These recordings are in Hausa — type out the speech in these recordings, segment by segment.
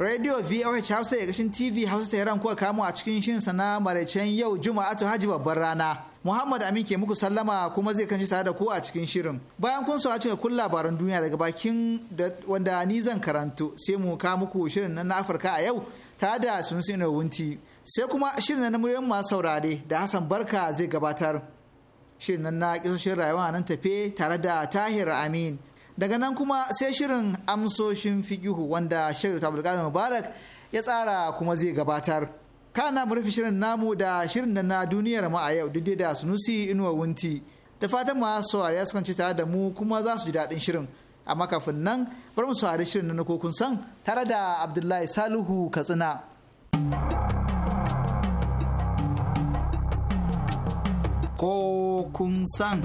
radio voh hausa ya gashin tv hausa tehran kuwa kamo a cikin shirin sana maraicen yau juma'a ta haji babbar rana muhammad amin ke muku sallama kuma zai kanci tare da ku a cikin shirin bayan kun sauwa cika kun labaran duniya daga bakin wanda ni zan karanto sai mu ka muku shirin na afirka a yau tare da sunusi wunti sai kuma shirin na muryan masu saurare da hassan barka zai gabatar shirin na kisoshin rayuwa nan tafe tare da tahir amin daga nan kuma sai shirin amsoshin fikihu wanda shirin abdulkadir mubarak ya tsara kuma zai gabatar kana murfi shirin namu da shirin da na duniyar ma a yau duk da sunusi inuwa wunti da fatan ma saurari sukan tare da mu kuma za su ji daɗin shirin amma kafin nan bari mu saurari shirin na kun san tare da abdullahi saluhu katsina ko kun san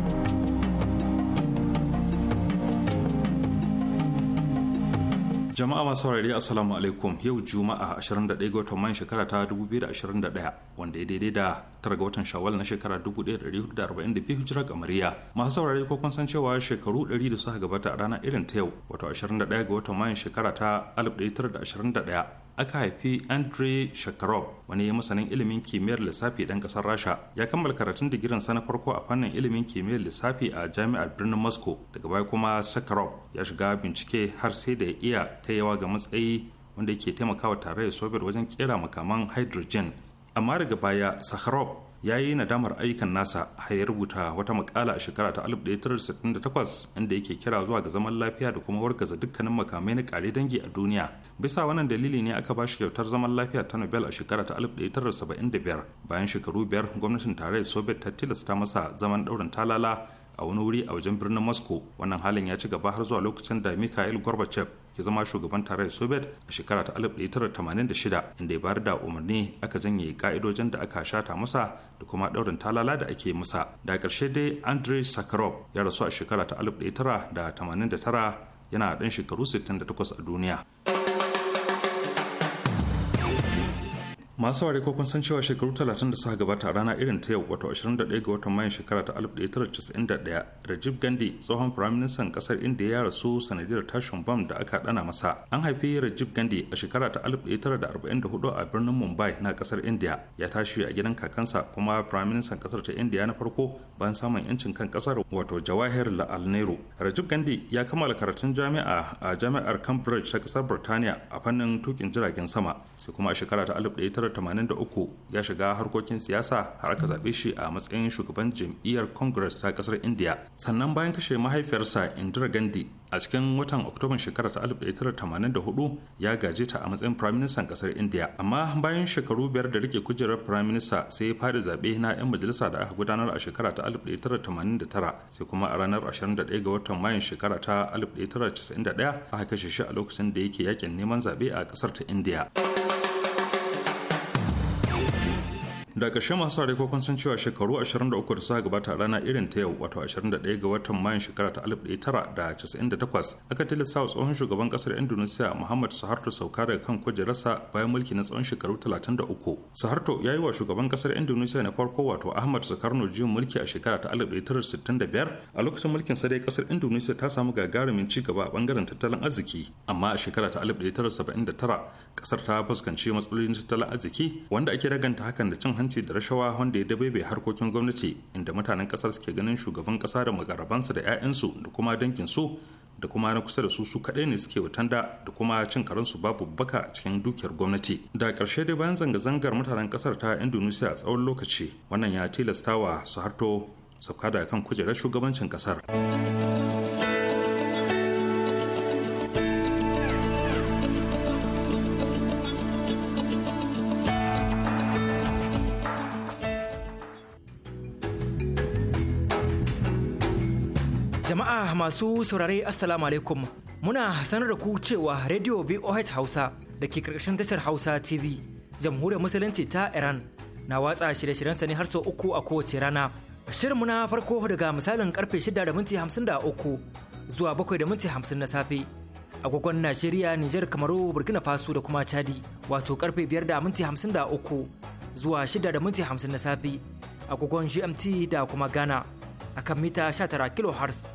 jama'a masu saurari assalamu alaikum yau juma'a 21 ga watan mayan shekara ta 2021 wanda ya daidai da tara ga watan shawwal na shekara 1442 hijira kamariya masu saurare ko kun san cewa shekaru 100 da suka gabata a ranar irin ta yau wato 21 ga watan mayun shekara ta 1921 aka haifi andre shakarov wani masanin ilimin kimiyyar lissafi dan kasar rasha ya kammala karatun digirin sa na farko a fannin ilimin kimiyyar lissafi a jami'ar birnin moscow daga baya kuma shakarov ya shiga bincike har sai da ya iya kaiwa ga matsayi wanda yake taimakawa tarayyar soviet wajen kera makaman hydrogen amma daga baya sakharov ya yi nadamar ayyukan nasa har ya rubuta wata makala a shekara ta 1968 inda yake kira zuwa ga zaman lafiya da kuma wargaza dukkanin makamai na kare dangi a duniya bisa wannan dalili ne aka bashi kyautar zaman lafiya ta nobel a shekara ta 1975 bayan shekaru biyar gwamnatin tarayyar soviet ta tilasta masa zaman daurin talala a wani wuri a wajen birnin moscow wannan halin ya ci gaba har zuwa lokacin da mikhail gorbachev ya zama shugaban tarayyar soviet a shekara ta 1986 inda ya bayar da umarni aka janye ka'idojin da aka shata masa da kuma daurin talala da ake masa da karshe dai andrei sakharov ya rasu a shekara ta 1989 yana ɗan shekaru 68 a duniya. masu saurari ko kun san cewa shekaru 30 da suka gabata a rana irin ta yau wato 21 ga watan mayan shekara ta 1991 Rajiv Gandhi tsohon firaministan kasar India ya rasu sanadiyar tashin bam da aka dana masa an haifi Rajiv Gandhi a shekara ta 1944 a birnin Mumbai na kasar India ya tashi a gidan kakansa kuma firaministan kasar ta India na farko bayan samun yancin kan kasar wato Jawahir Lal Nehru Rajiv Gandhi ya kammala karatun jami'a a jami'ar Cambridge ta kasar Birtaniya a fannin tukin jiragen sama sai kuma a shekara ta 1983 ya shiga harkokin siyasa har aka zaɓe shi a matsayin shugaban jam'iyyar congress ta ƙasar india sannan bayan kashe mahaifiyarsa indira gandhi a cikin watan oktoban shekarar ta 1984 ya gaje ta a matsayin firaministan ƙasar india amma bayan shekaru biyar da rike kujerar firaminista sai ya fara zaɓe na 'yan majalisa da aka gudanar a shekara ta 1989 sai kuma a ranar 21 ga watan mayun shekara ta 1991 aka kashe shi a lokacin da yake yakin neman zaɓe a ƙasar ta india da ƙarshe masu sare kokon sun cewa shekaru 23 da suka gabata a rana irin ta yau wato 21 ga watan mayan shekara ta 1998 aka tilasta wa tsohon shugaban ƙasar indonesia muhammad suharto sauka daga kan kujerarsa bayan mulki na tsawon shekaru 33 suharto ya yi wa shugaban ƙasar indonesia na farko wato ahmad sukarno juyin mulki a shekara ta 1965 a lokacin mulkin sa dai ƙasar indonesia ta samu gagarumin ci gaba a bangaren tattalin arziki amma a shekara ta 1979 ƙasar ta fuskanci matsalolin tattalin arziki wanda ake daganta hakan da cin hanci da rashawa wanda ya dabaibe harkokin gwamnati inda mutanen kasar suke ganin shugaban kasa da magarabansa da 'ya'yansu da kuma dangin su da kuma na kusa da su su kaɗai ne suke watanda da kuma cin karansu babu baka cikin dukiyar gwamnati da ƙarshe dai bayan zanga-zangar mutanen ƙasar ta indonesia a tsawon lokaci wannan ya tilastawa su harto sauka da kan kujerar shugabancin ƙasar masu saurare Assalamu alaikum muna sanar da ku cewa Radio VOH Hausa da ke karkashin tashar Hausa TV jamhuriyar musulunci ta Iran na watsa shirye-shiryen Sani har sau uku a kowace rana. Shirin muna farko daga misalin karfe shida zuwa bakwai da na safe. Agogon Najeriya, Nijar, Kamaru, Burkina Faso da kuma Chadi wato karfe biyar zuwa shida na safe. Agogon GMT da kuma Ghana akan mita 19 kHz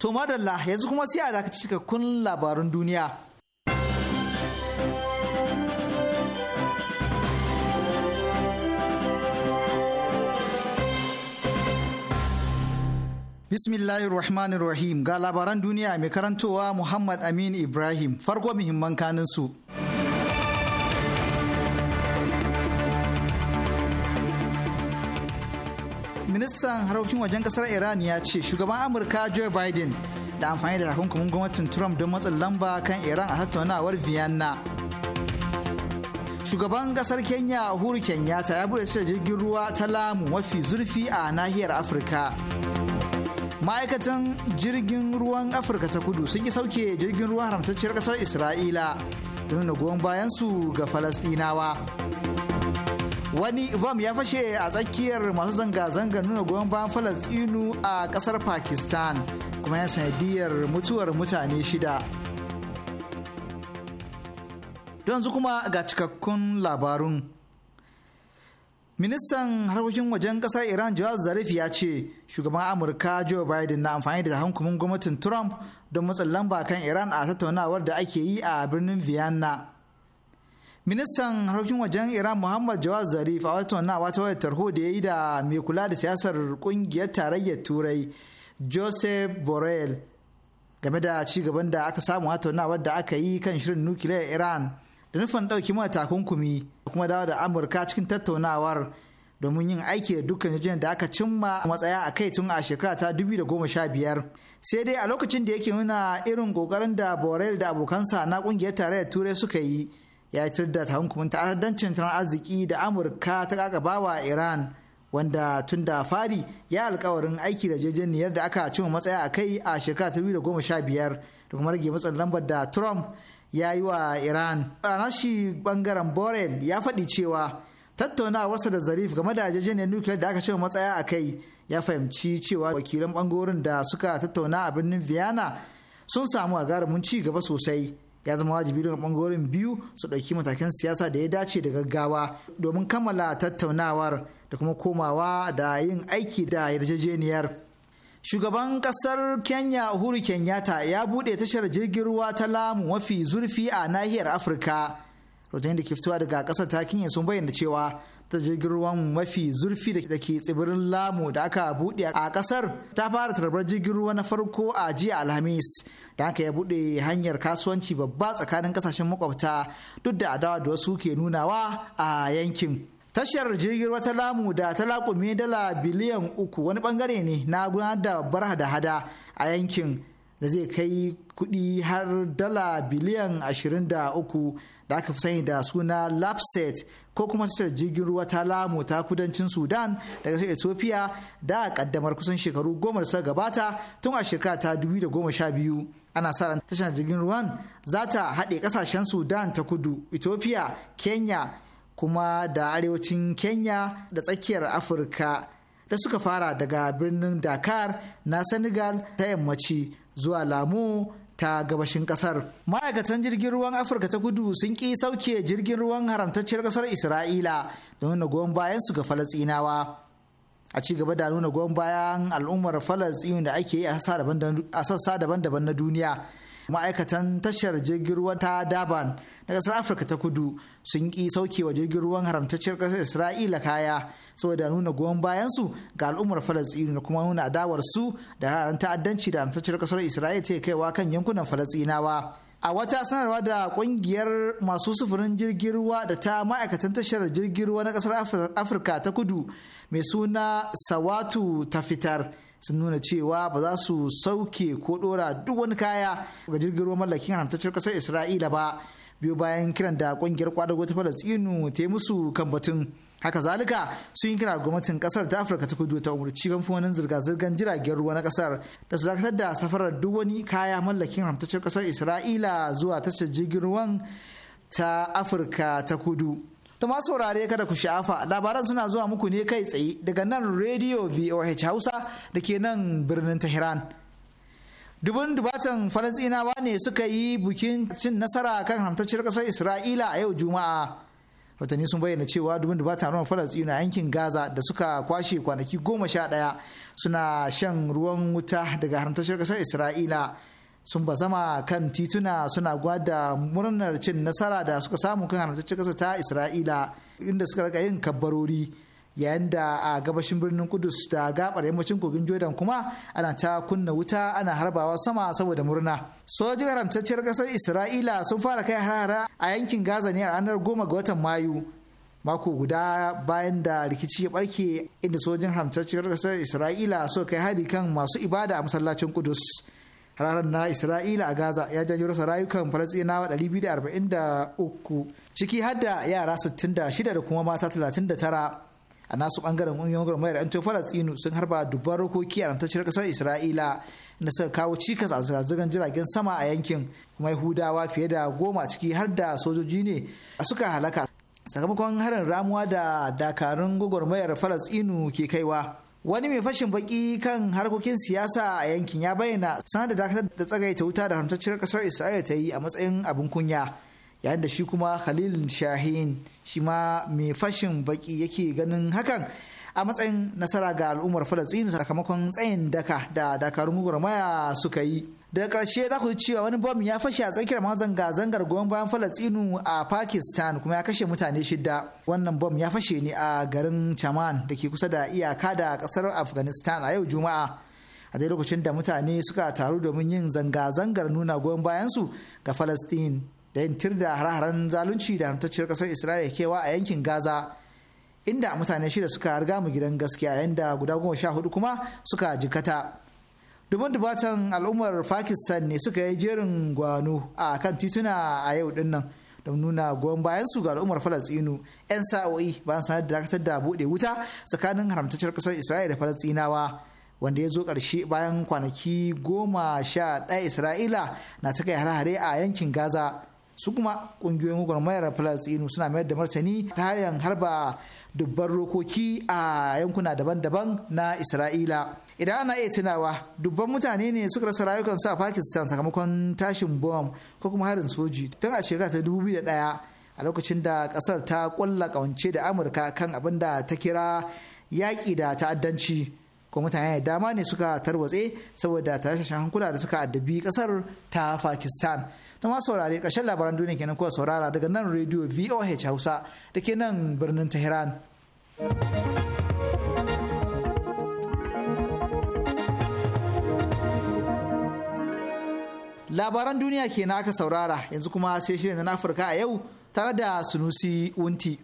To madalla yanzu kuma sai a dakaci cikakkun labarun duniya. Bismillahirrahmanirrahim ga labaran duniya mai karantowa Muhammad Amin Ibrahim farko muhimman kanin su. ministan harkokin wajen kasar iran ya ce shugaban amurka joe biden da amfani da takunkumin gwamnatin trump don matsin lamba kan iran a tattaunawar vienna shugaban kasar kenya uhuru kenyatta ya bude da jirgin ruwa ta lamu mafi zurfi a nahiyar afirka ma'aikatan jirgin ruwan afirka ta kudu sun yi sauke jirgin ruwan haramtacciyar kasar isra'ila don goyon bayansu ga falastinawa wani bam ya fashe a tsakiyar masu zanga-zanga nuna goyon bayan falastinu a kasar pakistan kuma ya sanadiyar mutuwar mutane shida yanzu kuma ga cikakkun labarun ministan harkokin wajen kasar iran jawaz zarif ya ce shugaban amurka joe biden na amfani da hankumin gwamnatin trump don matsin lamba kan iran a tattaunawar da ake yi a birnin vienna ministan harkokin wajen iran muhammad jawad zarif a wata wannan wata wayar tarho da ya yi da mai kula da siyasar kungiyar tarayyar turai joseph borrell game da ci gaban da aka samu wannan wadda aka yi kan shirin nukiliyar iran da nufin ɗauki mata takunkumi da kuma dawo da amurka cikin tattaunawar domin yin aiki da dukkan jajjen da aka cimma matsaya a kai tun a shekara ta biyar. sai dai a lokacin da yake nuna irin kokarin da borel da abokansa na kungiyar tarayyar turai suka yi ya yi da takunkumin ta'addancin tattalin arziki da amurka ta kakabawa iran wanda tun da fari ya alkawarin aiki da jejeniyar da aka cimma matsaya a kai a shekara 2015 da kuma rage matsin lambar da trump ya yi wa iran a nashi bangaren borel ya faɗi cewa tattaunawarsa da zarif game da jejeniyar nukiliyar da aka cimma matsaya a kai ya fahimci cewa wakilan bangorin da suka tattauna a birnin vienna sun samu gagarumin ci gaba sosai ya zama wajibi daga bangaren biyu su ɗauki matakan siyasa da ya dace da gaggawa domin kammala tattaunawar da kuma komawa da yin aiki da yarjejeniyar shugaban ƙasar kenya uhuru kenyatta ya buɗe tashar jirgin ruwa ta lamu mafi zurfi a nahiyar afirka rotan da ke fitowa daga ƙasar ta kenya sun bayyana cewa ta jirgin ruwan mafi zurfi da ke tsibirin lamu da aka buɗe a ƙasar ta fara tarbar jirgin ruwa na farko a jiya alhamis da haka ya buɗe hanyar kasuwanci babba tsakanin kasashen makwabta duk da adawa da wasu ke nunawa a yankin tashar jirgin wata lamu da talakumi dala biliyan uku wani bangare ne na gudanar da babbar hada-hada a yankin da zai kai kudi har dala biliyan ashirin da uku da aka fi sani da suna lapset ko kuma tashar jirgin ruwa ta lamu ta kudancin sudan daga sai ethiopia da kaddamar kusan shekaru goma da suka gabata tun a shekara ta biyu. ana sa ran tashar jirgin ruwan za ta haɗe ƙasashen sudan ta kudu ethiopia kenya kuma da arewacin kenya da tsakiyar afirka da suka fara daga birnin dakar na senegal ta yammaci zuwa lamu ta gabashin ƙasar. ma'aikatan jirgin ruwan afirka ta kudu sun ƙi sauke jirgin ruwan haramtacciyar ƙasar isra'ila don nuna goyon bayan su ga falastinawa a ci gaba da nuna goyon bayan al'ummar falastinu da ake yi a sassa daban-daban na duniya ma'aikatan tashar jirgin ruwa ta daban na kasar afirka ta kudu sun ƙi sauke wa jirgin ruwan haramtacciyar ƙasar isra'ila kaya saboda nuna goyon bayansu ga al'ummar falastinu da kuma nuna adawarsu da ranar ta'addanci da haramtacciyar ƙasar isra'ila ta kaiwa kan yankunan falastinawa a wata sanarwa da kungiyar masu sufurin jirgin ruwa da ta ma'aikatan tashar jirgin ruwa na kasar afirka ta kudu mai suna sawatu ta fitar sun nuna cewa ba za su sauke ko dora duk wani kaya ga jirgin ruwan mallakin haramtaccen kasar isra'ila ba biyu bayan kiran da kungiyar kwadago ta falastinu ta yi musu kan batun haka zalika sun yi kira gwamnatin kasar ta afirka ta kudu ta umarci kamfanin zirga-zirgar jiragen ruwa na kasar da su dakatar da safarar duk wani kaya mallakin haramtaccen kasar isra'ila zuwa tashar jirgin ruwan ta afirka ta kudu To ma saurare kada ku sha'afa labaran suna zuwa muku ne kai tsaye daga nan Radio VOH Hausa da ke nan birnin Tehran. Dubun dubatan Falasɗinawa ne suka yi bukin cin nasara kan hamtacciyar kasar Isra'ila a yau Juma'a. Watanni sun bayyana cewa dubun dubatan ruwan Falasɗina yankin Gaza da suka kwashe kwanaki goma sha ɗaya suna shan ruwan wuta daga haramtacciyar kasar Isra'ila. sun zama kan tituna suna gwada murnar cin nasara da suka samu kan haramtaccen ƙasa ta isra'ila inda suka rika yin kabbarori yayin da a gabashin birnin kudus da gabar yammacin kogin jordan kuma ana ta kunna wuta ana harbawa sama saboda murna sojin haramtacciyar ƙasar isra'ila sun fara kai harara a yankin gaza ne a ranar goma ga watan mayu mako guda bayan da rikici ya barke inda sojin haramtacciyar ƙasar isra'ila suka kai hari kan masu ibada a masallacin kudus hararar na isra'ila a gaza ya janyo rasa rayukan falastinawa 243 ciki har yara 66 da kuma mata 39 a nasu bangaren ƙungiyar gwamnati da anto falasɗinu sun harba dubban rokoki a rantacciyar kasar isra'ila da suka kawo cikas a zirga jiragen sama a yankin kuma hudawa fiye da goma ciki har da sojoji ne a suka halaka sakamakon harin ramuwa da dakarun gwagwarmayar falasɗinu ke kaiwa wani mai fashin baki kan harkokin siyasa a yankin ya bayyana sanar da dakatar da tsagaita wuta da haramtacciyar kasar isra'ila ta yi a matsayin abin kunya yayin da shi kuma khalil shahin shi ma mai fashin baki yake ganin hakan a matsayin nasara ga al'ummar falastinu sakamakon tsayin daka da dakarun gwagwarmaya suka yi daga karshe za ku ji cewa wani bom ya fashe a tsakiyar mazanga zangar goyon bayan falastinu a pakistan kuma ya kashe mutane shida wannan bom ya fashe ne a garin chaman da ke kusa da iyaka da kasar afghanistan a yau juma'a a dai lokacin da mutane suka taru domin yin zanga-zangar nuna goyon bayansu ga falastin da yin tir da hare-haren zalunci da hantacciyar ƙasar isra'ila kewa a yankin gaza inda mutane shida suka riga mu gidan gaskiya yayin da guda goma sha hudu kuma suka jikata duban dubatan al'ummar pakistan ne suka yi jerin gwano a kan tituna a yau din don nuna goyon bayan su ga al'ummar falastinu 'yan sa'o'i bayan sanar da dakatar da buɗe wuta tsakanin haramtacciyar ƙasar isra'ila da falastinawa wanda ya zo ƙarshe bayan kwanaki goma sha ɗaya isra'ila na ta kai hare-hare a yankin gaza su kuma ƙungiyoyin gwagwarmayar falastinu suna mayar da martani ta hanyar harba dubban rokoki a yankuna daban-daban na isra'ila idan ana iya tunawa dubban mutane ne suka rasa rayukansu a pakistan sakamakon tashin bom ko kuma harin soji tun a shekara ta dubu da 2001 a lokacin da kasar ta kulla kawance da amurka kan abin da ta kira yaƙi da ta'addanci ko mutane da dama ne suka tarwatse saboda tashin hankula da suka addabi kasar ta pakistan ta ma saurari ƙarshen labaran duniya kenan kuwa saurara daga nan rediyo voh hausa da ke nan birnin tehran labaran duniya ke na aka saurara yanzu kuma sai shirin na afirka a yau tare da sunusi wunti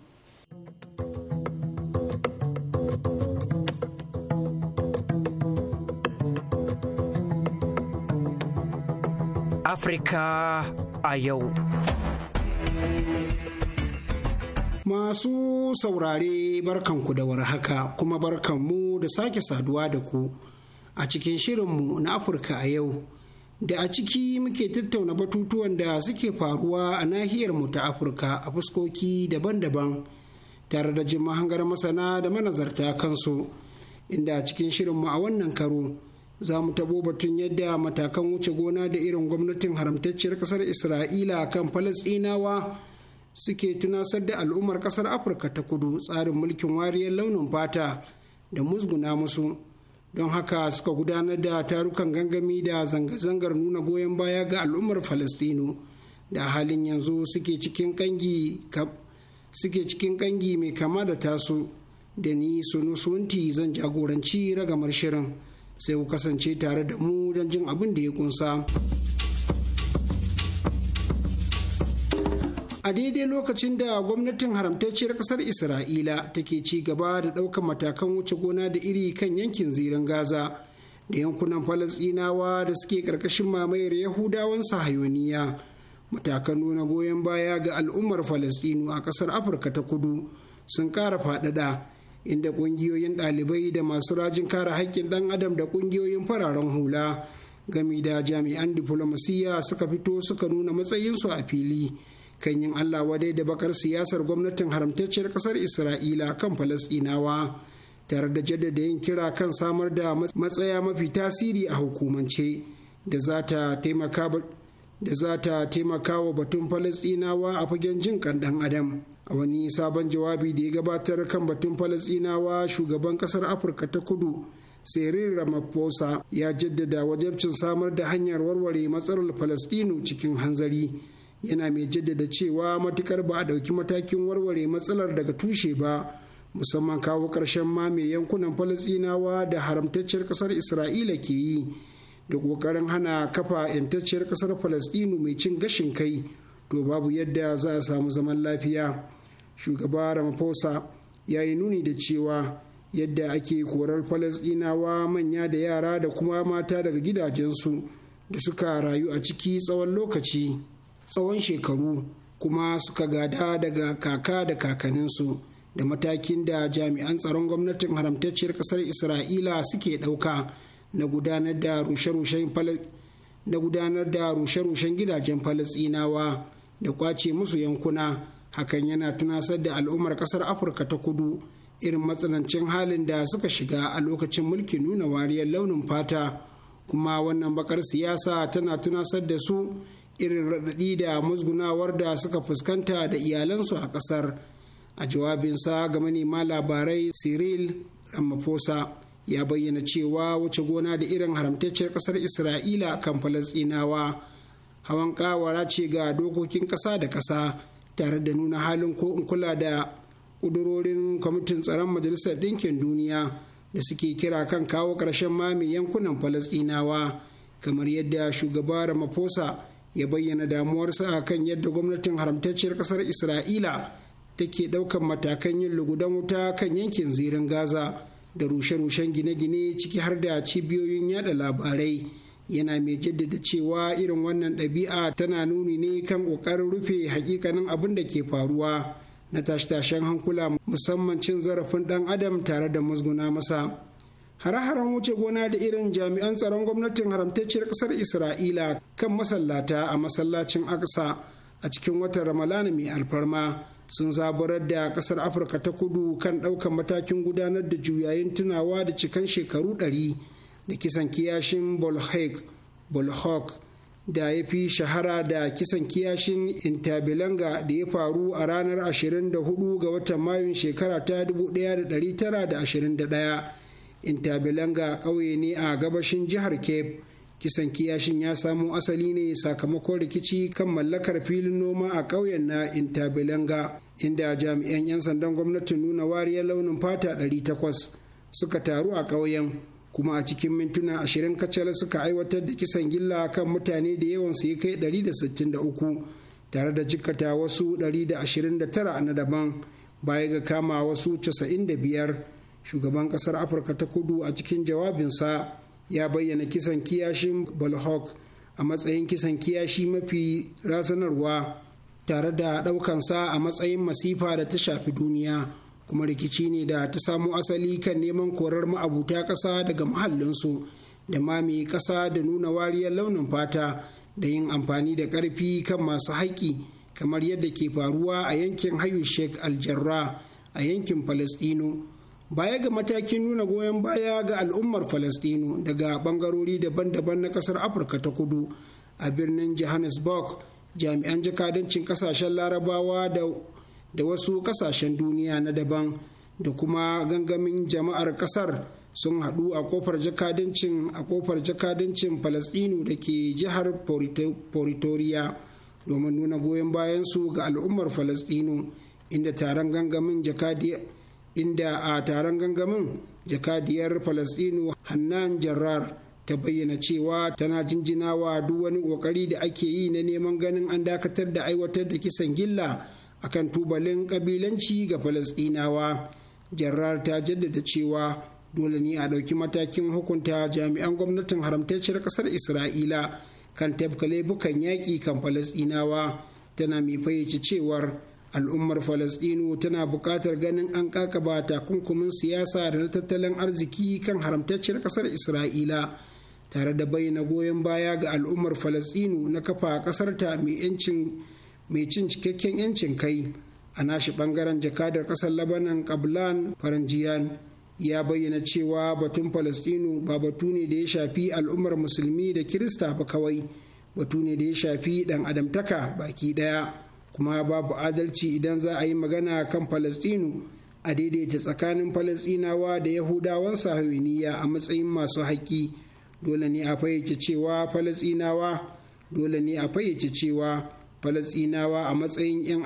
afirka a yau Masu saurare barkanku da warhaka kuma barkanmu da sake saduwa da ku a cikin shirinmu na Afirka a yau. da a ciki muke tattauna batutuwan da suke faruwa a nahiyar mu ta afirka a fuskoki daban-daban tare da jin mahangar masana da manazarta kansu inda a cikin shirinmu a wannan karo za mu tabo batun yadda matakan wuce gona da irin gwamnatin haramtacciyar kasar isra'ila kan falasinawa suke tunasar da al'ummar kasar afirka ta kudu tsarin mulkin wariyar launin fata da musguna musu don haka suka gudanar da tarukan gangami da zanga-zangar nuna goyon baya ga al'ummar falastinu da halin yanzu suke cikin kangi mai kama da tasu da ni sunu sunti zan jagoranci ragamar shirin sai ku kasance tare da mu don jin abin da ya kunsa. a daidai lokacin da gwamnatin haramtacciyar kasar isra'ila take ci gaba da ɗaukar matakan wuce gona da iri kan yankin zirin gaza da yankunan falasɗinawa da suke ƙarƙashin mamayar yahudawan sahayoniya matakan nuna goyon baya ga al'ummar falasɗinu a ƙasar afirka ta kudu sun ƙara faɗaɗa inda ƙungiyoyin ɗalibai da masu rajin kare haƙƙin ɗan adam da ƙungiyoyin fararen hula gami da jami'an diflomasiyya suka fito suka nuna matsayinsu a fili kan yin Allah wadai da bakar siyasar gwamnatin haramtacciyar kasar Isra'ila kan Falasɗinawa tare da jaddada yin kira kan samar da matsaya mafi tasiri a hukumance da za ta taimaka wa batun Falasɗinawa a fagen jin kan ɗan adam. A wani sabon jawabi da ya gabatar kan batun Falasɗinawa shugaban ƙasar Afirka ta kudu Cyril Ramaphosa ya jaddada wajabcin samar da hanyar warware matsalar Falasɗinu cikin hanzari. yana mai jaddada cewa matukar ba a ɗauki matakin warware matsalar daga tushe ba musamman kawo ƙarshen mame yankunan falasinawa da haramtacciyar ƙasar isra'ila ke yi da ƙoƙarin hana kafa 'yantacciyar ƙasar falasɗinu mai cin gashin kai to babu yadda za a samu zaman lafiya shugaba ramaphosa ya yi nuni da cewa yadda ake korar falasɗinawa manya da yara da kuma mata daga gidajensu da suka rayu a ciki tsawon lokaci tsawon shekaru kuma suka gada daga kaka da kakaninsu da matakin da jami'an tsaron gwamnatin haramtacciyar kasar isra'ila suke ɗauka na gudanar da rushe-rushen gidajen falasinawa da kwace musu yankuna hakan yana tunasar da al'ummar kasar afirka ta kudu irin matsanancin halin da suka shiga a lokacin mulkin nuna wariyar launin fata kuma wannan bakar siyasa tana tunasar da su irin raɗaɗi da musgunawar da suka fuskanta da iyalansu a ƙasar a jawabinsa ga manema labarai cyril ramaphosa ya bayyana cewa wuce gona da irin haramtacciyar ƙasar isra'ila kan falasɗinawa hawan ƙawara ce ga dokokin ƙasa da ƙasa tare da nuna halin ko in kula da ƙudurorin kwamitin tsaron majalisar ɗinkin duniya da suke kira kan kawo ƙarshen mame yankunan falasɗinawa kamar yadda shugaba ramaphosa ya bayyana damuwarsa a kan yadda gwamnatin haramtacciyar kasar isra'ila take ɗaukan matakan yin lugudan wuta kan yankin zirin gaza da rushe-rushen gine-gine ciki har da cibiyoyin yada labarai yana mai jaddada cewa irin wannan ɗabi'a tana nuni ne kan ƙoƙarin rufe hakikanin abin da ke faruwa na tashe-tashen hankula musamman cin zarafin ɗan adam tare da musguna masa hare-haren wuce gona da irin jami'an tsaron gwamnatin haramtacciyar ƙasar isra'ila kan masallata a masallacin aksa a cikin watan ramalana mai alfarma sun zaburar da ƙasar afirka ta kudu kan ɗaukan matakin gudanar da juyayin tunawa da cikan shekaru ɗari da kisan kiyashin bolhok da ya fi shahara da kisan kiyashin intabilanga da ya faru a ranar 24 ga watan mayun shekara ta 1921 intabilanga ƙauye ne a gabashin jihar cape kisan kiyashin ya samo asali ne sakamakon rikici kan mallakar filin noma a ƙauyen na intabilanga inda jami'an 'yan sandan gwamnatin nuna wariyar launin fata 800 suka taru a ƙauyen kuma a cikin mintuna ashirin kacal suka aiwatar da kisan gilla kan mutane da yawan su kai 163 tare da jikkata wasu 129 na daban baya ga kama wasu 95 shugaban kasar afirka ta kudu a cikin jawabinsa ya bayyana kisan kiyashin balhok a matsayin kisan kiyashi mafi razanarwa tare da ɗaukansa a matsayin masifa da ta shafi duniya kuma rikici ne da ta samo asali kan neman korar ma'abuta ƙasa daga mahallinsu da mami ƙasa da nuna wariyar launin fata da yin amfani da ƙarfi kan masu haƙƙi kamar yadda ke faruwa a yankin hayu sheikh aljarra a yankin falastino baya ga matakin nuna goyon baya ga al'ummar falastinu daga bangarori daban-daban na kasar afirka ta kudu a birnin johannesburg jami'an jakadancin kasashen larabawa da wasu kasashen duniya na daban da kuma gangamin jama'ar kasar sun hadu a kofar jakadancin a kofar jakadancin falastinu da ke jihar pretoria domin nuna goyon bayansu ga al'ummar falastinu inda taron gangamin jakadiyar inda a taron gangamin jakadiyar Falasɗinu hannan jarrar ta bayyana cewa tana jinjinawa duk wani kokari da ake yi na neman ganin an dakatar da aiwatar da kisan gilla a kan tubalin kabilanci ga Falasɗinawa, jarrar ta jaddada cewa dole ne a ɗauki matakin hukunta jami'an gwamnatin haramtacciyar ƙasar isra'ila kan tafka laifukan yaƙi kan falasɗinawa tana mai fayyace cewar al'ummar falasɗinu tana buƙatar ganin an ƙaƙaba takunkumin siyasa da na tattalin arziki kan haramtacciyar ƙasar isra'ila tare da bayyana goyon baya ga al'ummar falasɗinu na kafa ƙasarta mai cin cikakken 'yancin kai a nashi ɓangaren jakadar ƙasar labanan kablan faranjiyan ya bayyana cewa batun falasɗinu ba batu ne da ya shafi al'ummar musulmi da kirista ba kawai batu ne da ya shafi ɗan adamtaka baki ɗaya kuma babu adalci idan za a yi magana kan falastinu a daidaita tsakanin falastinawa da yahudawan sahawiniya a matsayin masu haƙƙi dole ne a fayyace cewa falastinawa dole ne a fayyace cewa falastinawa a matsayin 'yan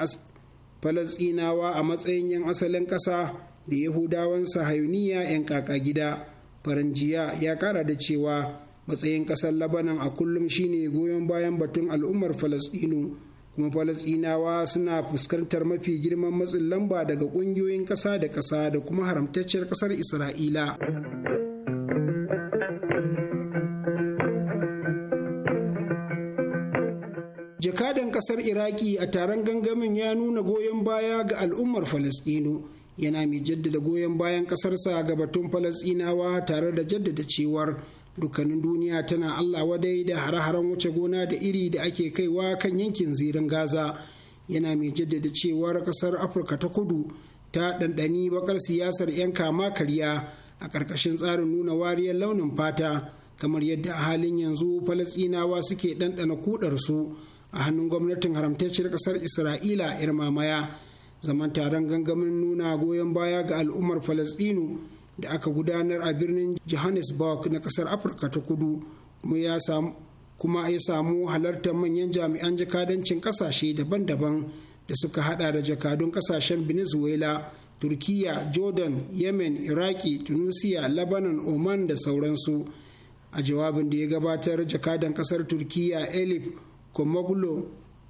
falastinawa a matsayin 'yan asalin ƙasa da yahudawan sahayuniya 'yan kaka gida faranjiya ya kara da cewa matsayin ƙasar labanan a kullum shine goyon bayan batun al'ummar falastinu kuma falasinawa suna fuskantar mafi girman matsin lamba daga ƙungiyoyin kasa da kasa da kuma haramtacciyar ƙasar isra'ila jakadan kasar iraki a taron gangamin ya nuna goyon baya ga al'ummar falasɗinu yana mai jaddada goyon bayan kasarsa ga batun falasɗinawa tare da jaddada cewar dukkanin duniya tana allah wadai da hare-haren wuce gona da iri da ake kaiwa kan yankin zirin gaza yana mai jaddada cewar kasar afirka ta kudu ta ɗanɗani bakar siyasar 'yan kama karya a ƙarƙashin tsarin nuna wariyar launin fata kamar yadda a halin yanzu falasinawa suke ɗanɗana kudarsu a hannun gwamnatin haramtacciyar ƙasar isra'ila irmamaya zaman taron gangamin nuna goyon baya ga al'ummar Falasinu. da aka gudanar a birnin johannesburg na kasar afirka ta kudu kuma ya samu halartar manyan jami'an jakadancin kasashe daban-daban da suka hada da jakadun kasashen venezuela turkiya jordan yemen iraki tunisia lebanon oman da sauransu a jawabin da ya gabatar jakadan kasar turkiya elif komoglu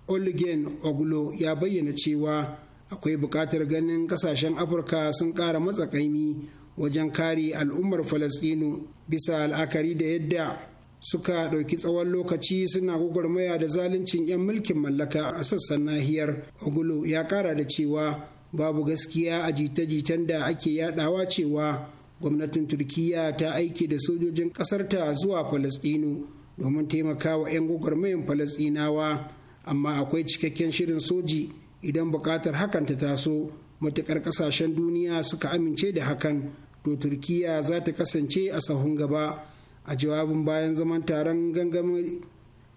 oligen oglo ya bayyana cewa akwai buƙatar ganin kasashen afirka sun ƙara matsakaimi wajen kare al'ummar falasɗinu bisa al'akari da yadda suka ɗauki tsawon lokaci suna gwagwarmaya da zaluncin 'yan mulkin mallaka a sassan nahiyar ogulu ya ƙara da cewa babu gaskiya a jita-jitan da ake yadawa cewa gwamnatin turkiya ta aiki da sojojin ƙasarta zuwa falasɗinu domin taimakawa 'yan gwagwarmayan falasɗinawa amma akwai cikakken shirin soji idan buƙatar hakan ta taso matuƙar ƙasashen duniya suka amince da hakan to turkiya za ta kasance a sahun gaba a jawabin bayan zaman taron gangami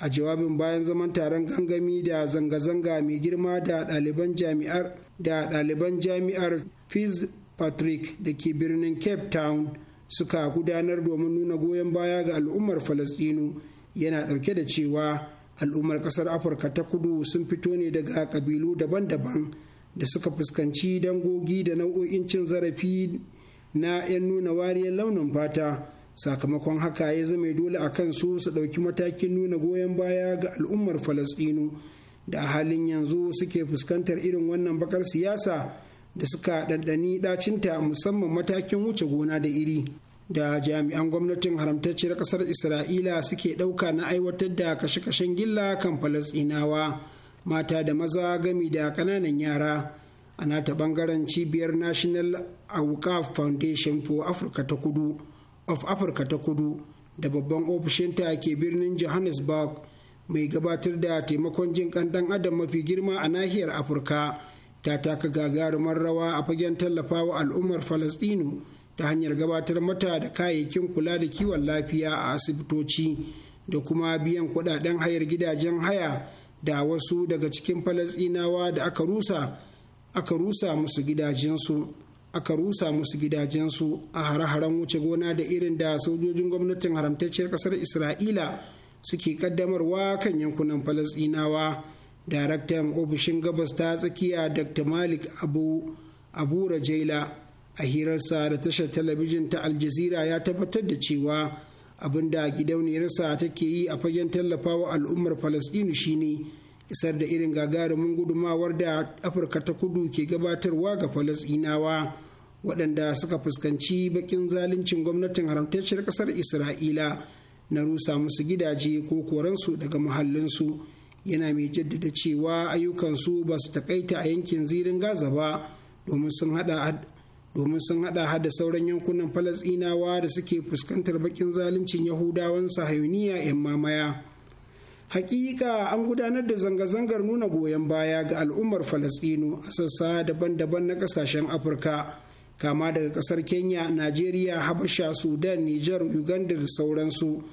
a jawabin bayan zaman taron gangami da zanga-zanga mai girma da ɗaliban jami'ar da ɗaliban jami'ar patrick da ke birnin Cape Town suka gudanar domin nuna goyon baya ga al'ummar Falasɗinu yana ɗauke da cewa al'ummar ƙasar Afirka ta kudu sun fito ne daga ƙabilu daban-daban da suka fuskanci dangogi da nau'o'in cin zarafi na 'yan nuna wariyar launin fata sakamakon haka ya zama dole a kansu su ɗauki matakin nuna goyon baya ga al'ummar falasɗinu da a halin yanzu suke fuskantar irin wannan bakar siyasa da suka ɗanɗani ɗacinta musamman matakin wuce gona da iri da jami'an gwamnatin haramtacciyar ƙasar isra'ila suke ɗauka na aiwatar da kashe-kashen gilla kan falasɗinawa mata da maza gami da ƙananan yara a nata bangaren cibiyar national awqaf foundation for africa ta kudu of africa ta kudu da babban ofishinta ke birnin johannesburg mai gabatar da taimakon jin kan dan adam mafi girma a nahiyar afirka ta taka gagarumar rawa a fagen tallafawa al'ummar falastinu ta hanyar gabatar mata da kayayyakin kula da kiwon lafiya a asibitoci da kuma biyan kudaden hayar gidajen haya da wasu daga cikin falasɗinawa da aka rusa aka rusa musu gidajensu aka rusa musu gidajensu a hare-haren wuce gona da irin da sojojin gwamnatin haramtacciyar kasar isra'ila suke kaddamarwa kan yankunan falasdinawa daraktan ofishin gabas ta tsakiya dr malik abu abu a hirarsa da tashar talabijin ta aljazira ya tabbatar da cewa abinda gidauniyarsa take yi a fagen tallafawa al'ummar falasdinu shine isar da irin gagarumin gudumawar da afirka ta kudu ke gabatarwa ga falasinawa waɗanda suka fuskanci bakin zaluncin gwamnatin haramtacciyar ƙasar isra'ila na rusa musu gidaje ko koransu daga muhallinsu yana mai jaddada cewa ayyukansu ba su takaita a yankin zirin gaza ba domin sun hada hada sauran yankunan falasinawa da suke fuskantar bakin zaluncin yahudawan sahayuniya 'yan mamaya hakika an gudanar da zanga-zangar nuna goyon baya ga al'ummar falasɗinu a sassa daban-daban na ƙasashen afirka kama daga ƙasar kenya najeriya habasha sudan niger uganda da sauransu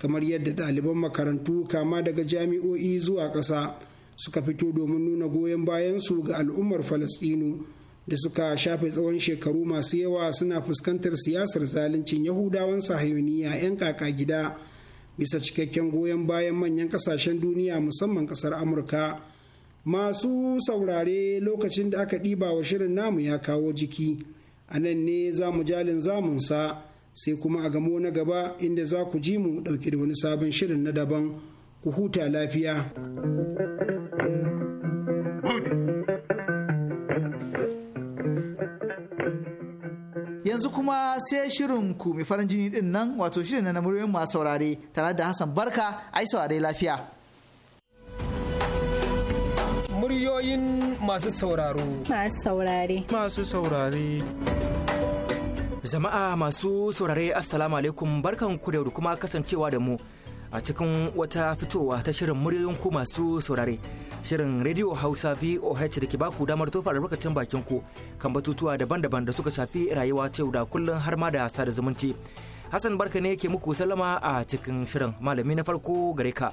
kamar yadda ɗaliban makarantu kama daga jami'o'i zuwa ƙasa suka fito domin nuna goyon bayansu ga al'ummar falasɗinu da suka shafe tsawon shekaru masu yawa suna fuskantar siyasar zaluncin yahudawan sahayoniya 'yan kaka gida bisa cikakken goyon bayan manyan kasashen duniya musamman kasar amurka masu saurare lokacin da aka ɗiba wa shirin namu ya kawo jiki a nan ne za mu jalin zamunsa sai kuma a gamo na gaba inda za ku ji mu ɗauke da wani sabon shirin na daban ku huta lafiya. yanzu kuma sai shirin ku mai farin jini din nan wato shirin na muryoyin masu saurare tare da Hassan Barka ai saurare lafiya. Muryoyin masu sauraro. Masu saurare. Masu saurare. Jama'a masu saurare Assalamu alaikum barkan ku da kuma kasancewa da mu. a cikin wata fitowa ta shirin muryoyin ku masu saurare shirin rediyo hausa voh da ke baku damar tofa albarkacin bakin ku kan batutuwa daban-daban da suka shafi rayuwa ta yau da kullum har ma da sada zumunci hassan barka ne ke muku salama a cikin shirin malami na farko gare ka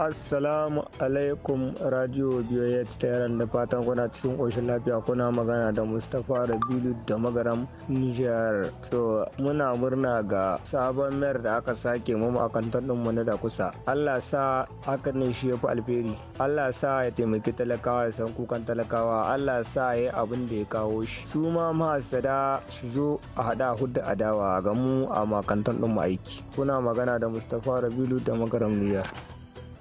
Assalamu alaikum radio BOH ta yaran da fatan kuna cikin ƙoshin lafiya kuna magana da Mustapha Rabilu da magaram Niger. So muna murna ga sabon mayar da aka sake mu akantar ɗinmu na da kusa. Allah sa hakan ne shi ya fi alferi. Allah sa ya taimaki talakawa ya san kukan talakawa. Allah sa ya yi abin da ya kawo shi. Su ma mahasada su zo a haɗa hudu adawa ga mu a makantar ɗinmu aiki. Kuna magana da Mustapha Rabilu da magaram Niger.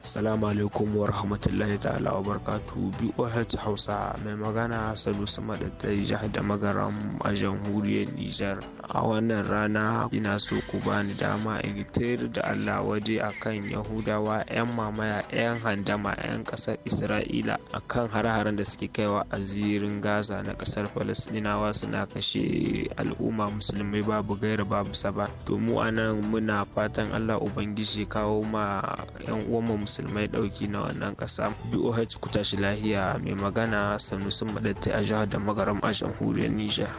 Assalamu alaikum wa rahmatullahi ta'ala wa barkatu BOH Hausa mai magana Sanusi Madatai jihar da magaram a jamhuriyar Nijar. A wannan rana ina so ku bani dama in tayar da Allah waje akan Yahudawa 'yan mamaya 'yan handama 'yan ƙasar Isra'ila akan hare-haren da suke kaiwa a zirin Gaza na ƙasar Falasɗinawa suna kashe al'umma musulmai babu gaira babu saba. To mu nan muna fatan Allah Ubangiji kawo ma 'yan uwanmu musulmai ɗauki na wannan ƙasa boh ku tashi lahiya mai magana sanusun madatta a jihar da magaram a jamhuriyar nijar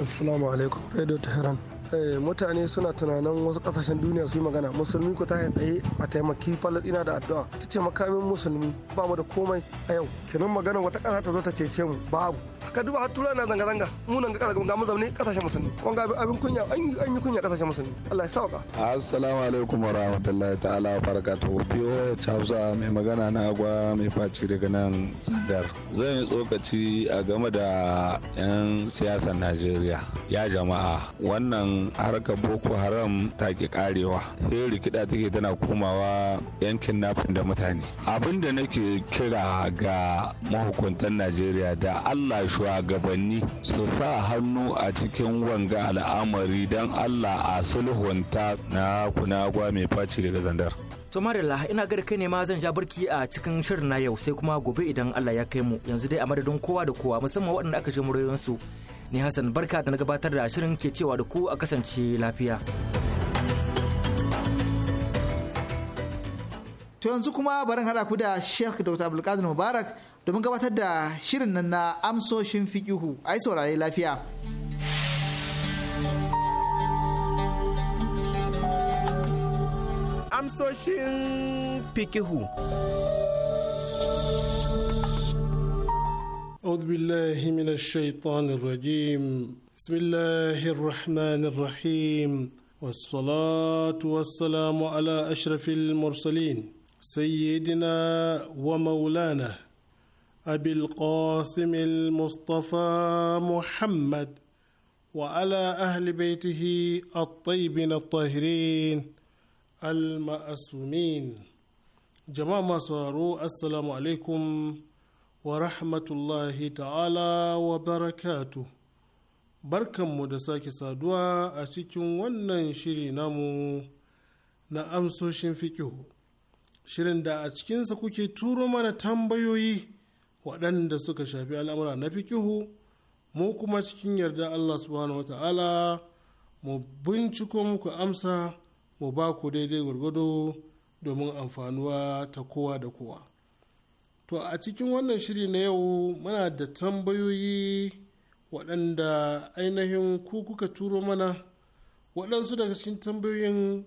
assalamu alaikum radio tehran Eh, mutane suna tunanin wasu kasashen duniya su yi magana musulmi ko ta tsaye a taimaki falasina da addu'a ta ce makamin musulmi ba mu da komai a yau kinan magana wata kasa ta zo ta cece mu babu ka duba har tura na zanga-zanga mu nan ga ga mu zaune kasashen musulmi ga abin kunya an yi kunya kasashen musulmi Allah ya sauka assalamu alaikum wa rahmatullahi ta'ala wa barakatuhu biyo Hausa mai magana na agwa mai faci daga nan sadar zan yi tsokaci a game da 'yan siyasar Najeriya ya jama'a wannan harkar boko haram ta ke karewa sai rikida take tana komawa yankin nafin da mutane abin da nake kira ga mahukuntan najeriya da allah shugabanni su sa hannu a cikin wanga al'amari don allah a sulhunta na kunagwa mai faci daga zandar da marilla ina ga kai ne ma zan ja barki a cikin shirin na yau sai kuma gobe idan allah ya kai mu yanzu dai a madadin kowa da kowa musamman waɗanda aka je murayoyinsu ni hassan barka da na gabatar da shirin ke cewa da ku a kasance lafiya to yanzu kuma barin hada ku da sheikh dr abdulkadir mubarak domin gabatar da shirin nan na amsoshin fikihu ai saurare lafiya amsoshin fikihu أعوذ بالله من الشيطان الرجيم بسم الله الرحمن الرحيم والصلاة والسلام على أشرف المرسلين سيدنا ومولانا أبي القاسم المصطفى محمد وعلى أهل بيته الطيبين الطاهرين المأسومين جماعة صاروا السلام عليكم Wa ta'ala wa wa barakatu barkanmu da sake saduwa a cikin wannan shiri namu na amsoshin fikihu shirin da a cikinsa kuke turo mana tambayoyi waɗanda suka shafi al'amura na fikihu mu kuma cikin yarda Allah subhanahu wata'ala mu binciko muku amsa mu ba ku daidai gwargwado domin amfanuwa ta kowa da kowa to a cikin wannan shiri na yau muna da tambayoyi waɗanda ainihin ku kuka turo mana waɗansu daga cikin tambayoyin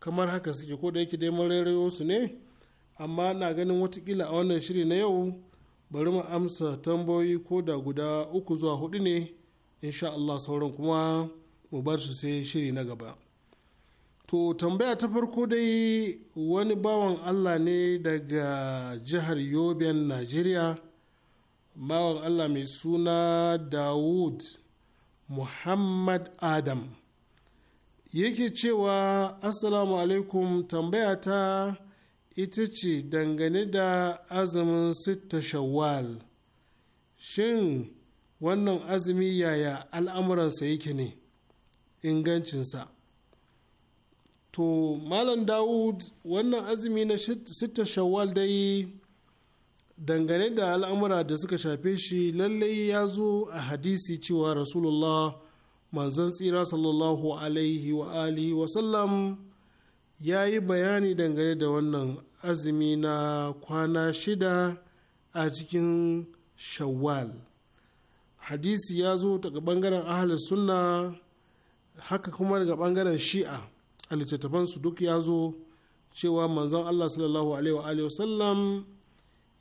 kamar haka suke ko da yake dai mun su ne amma na ganin watakila a wannan shiri na yau bari mu amsa tambayoyi ko da guda uku zuwa hudu ne insha Allah sauran kuma mu bar su sai shiri na gaba. to tambaya ta farko dai wani bawan allah ne daga jihar yoben najeriya bawan allah mai suna dawud muhammad adam yake cewa assalamu alaikum tambaya ta ita ce dangane da azumin sita shawwal shin wannan azumi yaya al'amuransa yake ne ingancinsa to malam dawud wannan azumi na sita shawwal dai dangane da al'amura da suka shafe shi lallai ya zo a hadisi cewa rasulullah manzan tsira sallallahu alaihi wa alihi wasallam ya yi bayani dangane da wannan azumi na kwana shida a cikin shawwal hadisi ya zo daga bangaren ahalus sunna haka kuma daga bangaren shi'a a littattafansu duk ya zo cewa manzon Allah sallallahu alaihi wa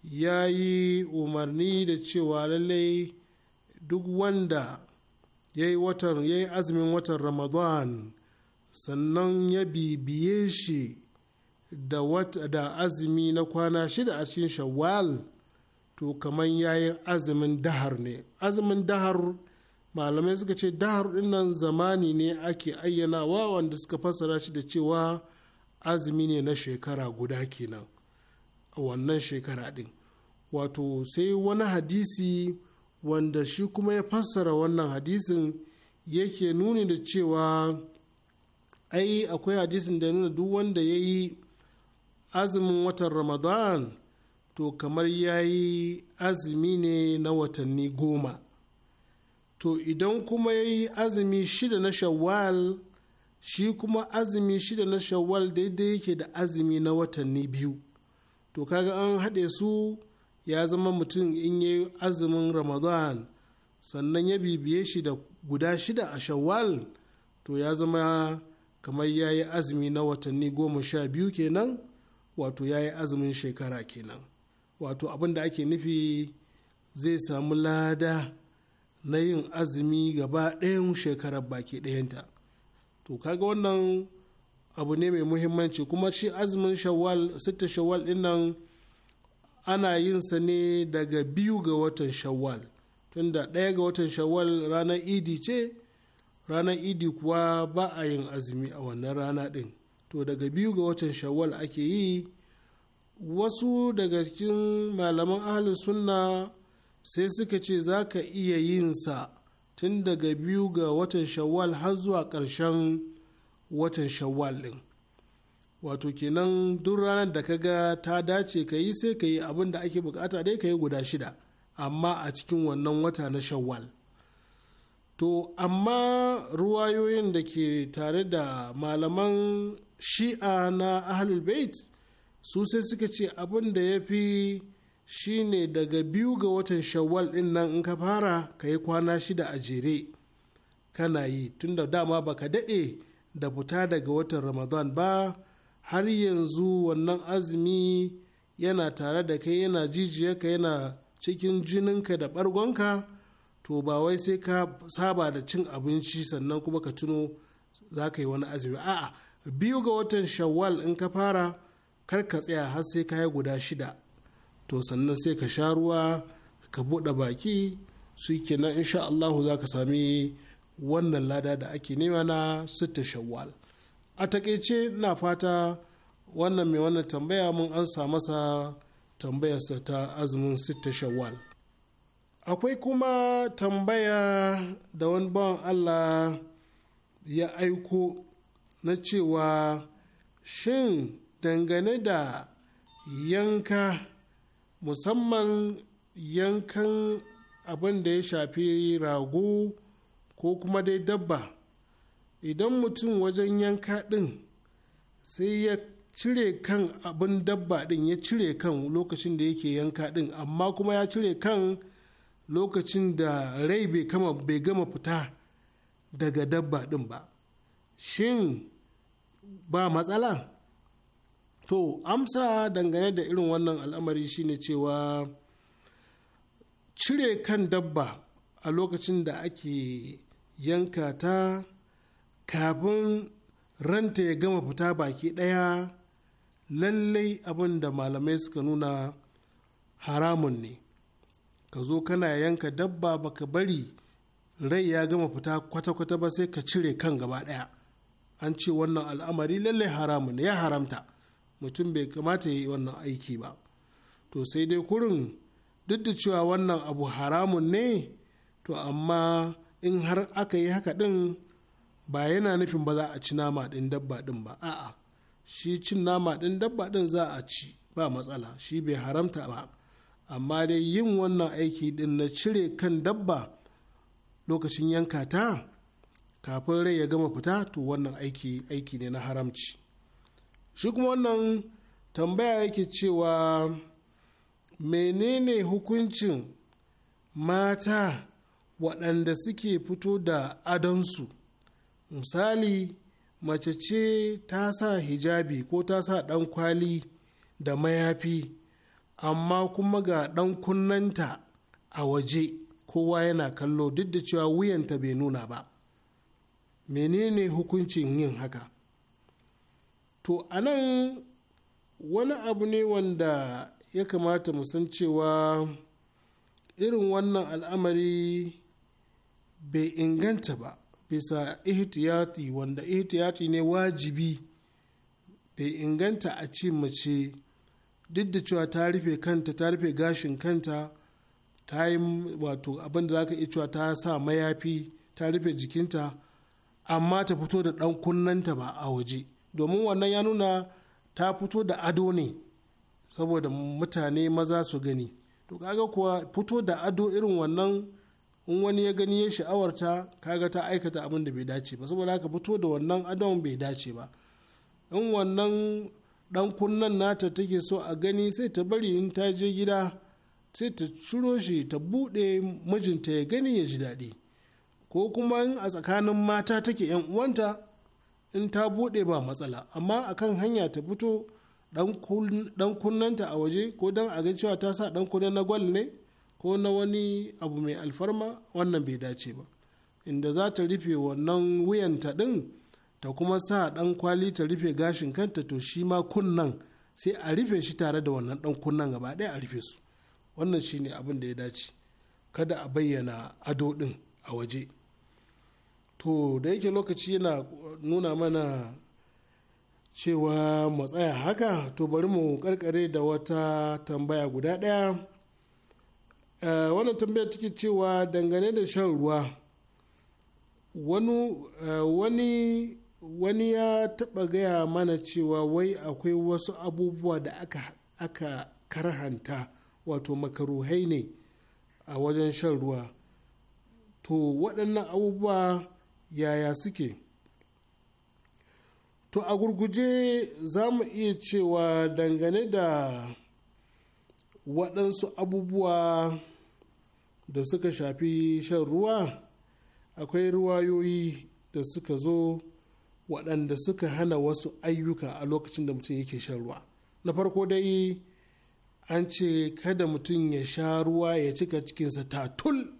ya yi umarni da cewa lallai duk wanda ya yi azumin watan ramadan sannan ya bibiye shi da, azumi na kwana shida a cikin shawwal to kamar ya yi azumin dahar ne azumin dahar malamai suka ce dahar dinnan zamani ne ake ayyanawa wanda suka fassara shi da cewa azumi ne na shekara guda kenan a wannan shekara din wato sai wani hadisi wanda shi kuma ya fassara wannan hadisin yake nuni da cewa ai akwai hadisin da nuna duk wanda ya yi azumin watan ramadan to kamar ya yi azumi ne na watanni goma to idan kuma ya yi azumi shida na shawwal shi kuma azumi shida na shawwal daidai yake da azumi na watanni biyu to kaga an haɗe su ya zama mutum in ya yi azumin ramadan sannan ya bibiye shi da guda shida a shawwal to ya zama kamar ya yi azumi na watanni goma sha biyu kenan wato ya yi azumin shekara kenan wato abin da ake nufi zai samu lada na yin azumi gaba ɗayan shekarar baki ɗayanta to kaga wannan abu ne mai muhimmanci kuma shi azumin shawwal sita shawwal ɗin nan ana yin sa ne daga biyu ga watan shawwal tunda ɗaya ga watan shawwal ranar idi ce ranar idi kuwa ba a yin azumi a wannan rana ɗin to daga biyu ga watan shawwal ake yi wasu daga cikin malaman ahalin sunna sai suka ce za ka iya yin sa tun daga biyu ga watan shawwal har zuwa ƙarshen watan shawwal ɗin wato kenan duk ranar da ka ga ta dace ka yi sai ka yi abin da ake bukata dai ka yi guda shida amma a cikin wannan wata na shawwal to amma ruwayoyin da ke tare da malaman shi'a na ahlul bait su sai suka ce abin da ya fi shine daga biyu ga watan shawwal ɗin nan in ka fara ka yi kwana shida a jere kana yi tun da dama baka daɗe da fita daga watan ramadan ba har yanzu wannan azumi yana tare da kai yana jijiyarka yana cikin jininka da ɓargonka to ba wai sai ka saba da cin abinci sannan kuma ka tuno za ka yi wani azumi a'a biyu ga watan shawwal in ka fara kar ka tsaya har sai ka yi guda shida to sannan sai ka sha ruwa ka buɗe baki su kenan insha Allahu za ka sami wannan lada da ake nema na sita shawwal a takaice na fata wannan mai wannan tambaya mun ansa masa tambayarsa ta azumin sita shawwal akwai kuma tambaya da wani bawan Allah ya aiko na cewa shin dangane da yanka musamman yankan abin da ya shafi rago ko kuma dai dabba idan mutum wajen yanka ɗin sai ya cire kan abin dabba ɗin ya cire kan lokacin da yake yanka ɗin amma kuma ya cire kan lokacin da rai bai gama fita daga dabba ɗin ba shin ba matsala to amsa dangane da irin wannan al'amari shine cewa cire kan dabba a lokacin da ake yanka ta kafin ranta ya gama fita baki ɗaya lallai abin da malamai suka nuna haramun ne ka zo kana yanka dabba baka bari rai ya gama fita kwata-kwata ba sai ka cire kan gaba ɗaya an ce wannan al'amari lallai haramun ne ya haramta mutum bai kamata ya yi wannan aiki ba to sai dai kurin duk da cewa wannan abu haramun ne to amma in har aka yi haka din, ba yana nufin ba za a ci nama din dabba din ba a'a shi cin nama din dabba din za a ci ba matsala shi bai haramta ba amma dai yin wannan aiki din na cire kan dabba lokacin yanka ta kafin rai ya gama fita to wannan aiki aiki ne na haramci shi kuma wannan tambaya yake cewa menene hukuncin mata waɗanda suke fito da adansu misali mace ce ta sa hijabi ko ta sa ɗan da mayafi amma kuma ga ɗan a waje kowa yana kallo duk da cewa wuyanta bai nuna ba menene hukuncin yin haka to a nan wani abu ne wanda ya kamata mu san cewa irin wannan al'amari bai inganta ba bisa ihtiyati wanda ihtiyati ne wajibi bai inganta a ce mace duk da cewa ta rufe kanta ta rufe gashin kanta ta yi wato abin za ka iya cewa ta sa mayafi ta rufe jikinta amma ta fito da ɗan kunnanta ba a waje domin wannan ya nuna ta fito da ado ne saboda mutane maza su gani to kaga kuwa fito da ado irin wannan in wani ya gani ya sha'awarta kaga ta aikata abin da bai dace ba saboda haka fito da wannan adon bai dace ba in wannan dan kunnan nata take so a gani sai ta bari in ta je gida sai ta ciro shi ta bude mijinta ya gani ya ji daɗi ko kuma in a tsakanin mata take yan uwanta in ta buɗe ba matsala amma akan hanya ta fito dan kunnanta a waje ko dan a ga cewa ta sa dan kunnan na gwal ne ko na wani abu mai alfarma wannan bai dace ba inda za ta rufe wannan wuyanta din ta kuma sa ɗan kwali ta rufe gashin kanta to shi ma kunnan sai a rufe shi tare da wannan dan kunnan gaba ɗaya a rufe su wannan shine abin da ya dace kada a bayyana ado din a waje to da yake lokaci yana nuna mana cewa mu tsaya haka to bari mu karkare da wata tambaya guda ɗaya eh, wannan tambayar take cewa dangane da shan ruwa eh, wani ya taɓa gaya mana cewa wai akwai wasu abubuwa da aka, aka karhanta wato makaruhai ne a wajen shan ruwa to waɗannan abubuwa yaya suke to a gurguje za mu iya cewa dangane da waɗansu abubuwa da suka shafi shan ruwa akwai ruwayoyi da suka zo waɗanda suka hana wasu ayyuka a lokacin da mutum yake shan ruwa na farko dai an ce kada mutum ya sha ruwa ya cika cikinsa tatul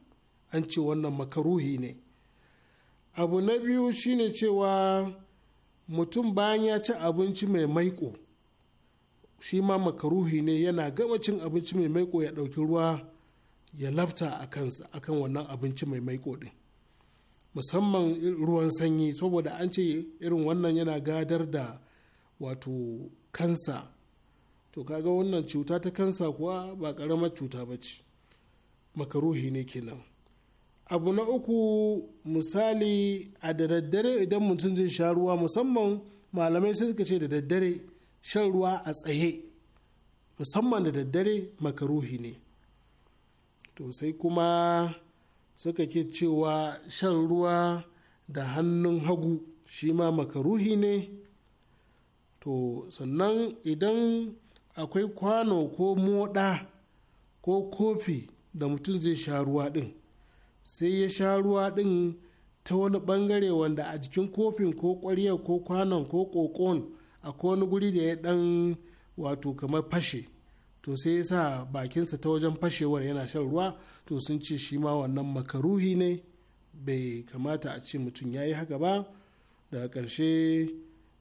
an ce wannan makaruhi ne abu na biyu shine cewa mutum bayan ya ci abinci mai maiko shi ma makaruhi ne yana gama cin abinci mai maiko ya ɗauki ruwa ya lafta a kan wannan abinci mai maiko ɗin musamman ruwan sanyi saboda an ce irin wannan yana gadar da wato kansa to kaga wannan cuta ta kansa kuwa ba ƙaramar cuta ba ce makaruhi ne kenan abu na uku misali a da daddare idan mutum zai sha ruwa musamman malamai sai suka ce da daddare shan ruwa a tsaye musamman da daddare makaruhi ne to sai kuma suka ke cewa shan ruwa da hannun hagu shi ma makaruhi ne to sannan idan akwai kwano ko moɗa ko kofi da mutum zai sha ruwa ɗin sai ya sha ruwa ɗin ta wani ɓangare wanda a jikin kofin ko ƙwariyar ko kwanon ko ƙoƙon a wani guri da ya ɗan wato kamar fashe to sai ya sa bakinsa ta wajen fashewar yana shan ruwa to sun ce shi ma wannan makaruhi ne bai kamata a ce mutum ya yi haka ba daga ƙarshe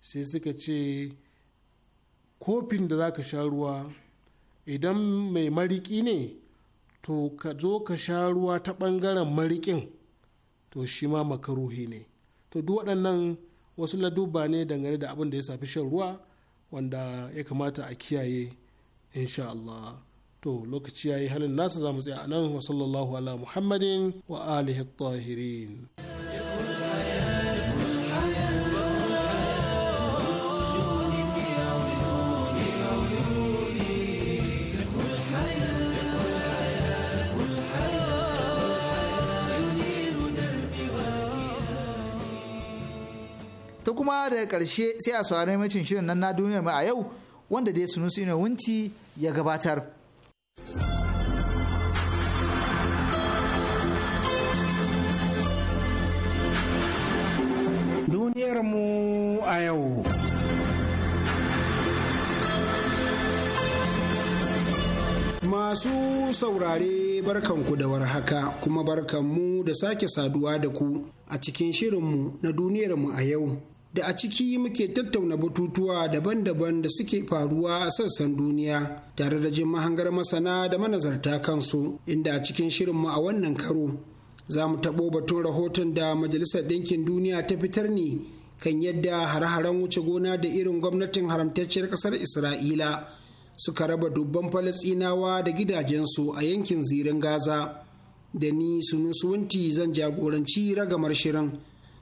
sai suka ce kofin da za ka sha ruwa idan mai mariki ne to ka zo ka sha ruwa ta ɓangaren mariƙin to shi ma makaruhi ne to duk waɗannan wasu laduba ne dangane da abin da ya safi shan ruwa wanda ya kamata a kiyaye insha Allah to lokaci yayi halin nasa za mu tsaya a nan wa sallallahu ala muhammadin wa alihi tahirin kuma daga karshe sai a saurari macin shirin nan na duniyar mu a yau wanda dai sunu su wunti ya gabatar. Duniyar mu a yau. Masu saurare barkanku da warhaka kuma barkanmu da sake saduwa da ku a cikin shirinmu na duniyarmu a yau. da a ciki muke tattauna batutuwa daban-daban da suke faruwa a sassan duniya tare da jin mahangar masana da manazarta kansu inda a cikin shirinmu a wannan karo za mu taɓo batun rahoton da majalisar ɗinkin duniya ta fitar ne kan yadda hare-haren wuce gona da irin gwamnatin haramtacciyar ƙasar isra'ila suka raba dubban falasinawa da gidajensu a yankin zirin gaza da ni sunusuwanti zan jagoranci ragamar shirin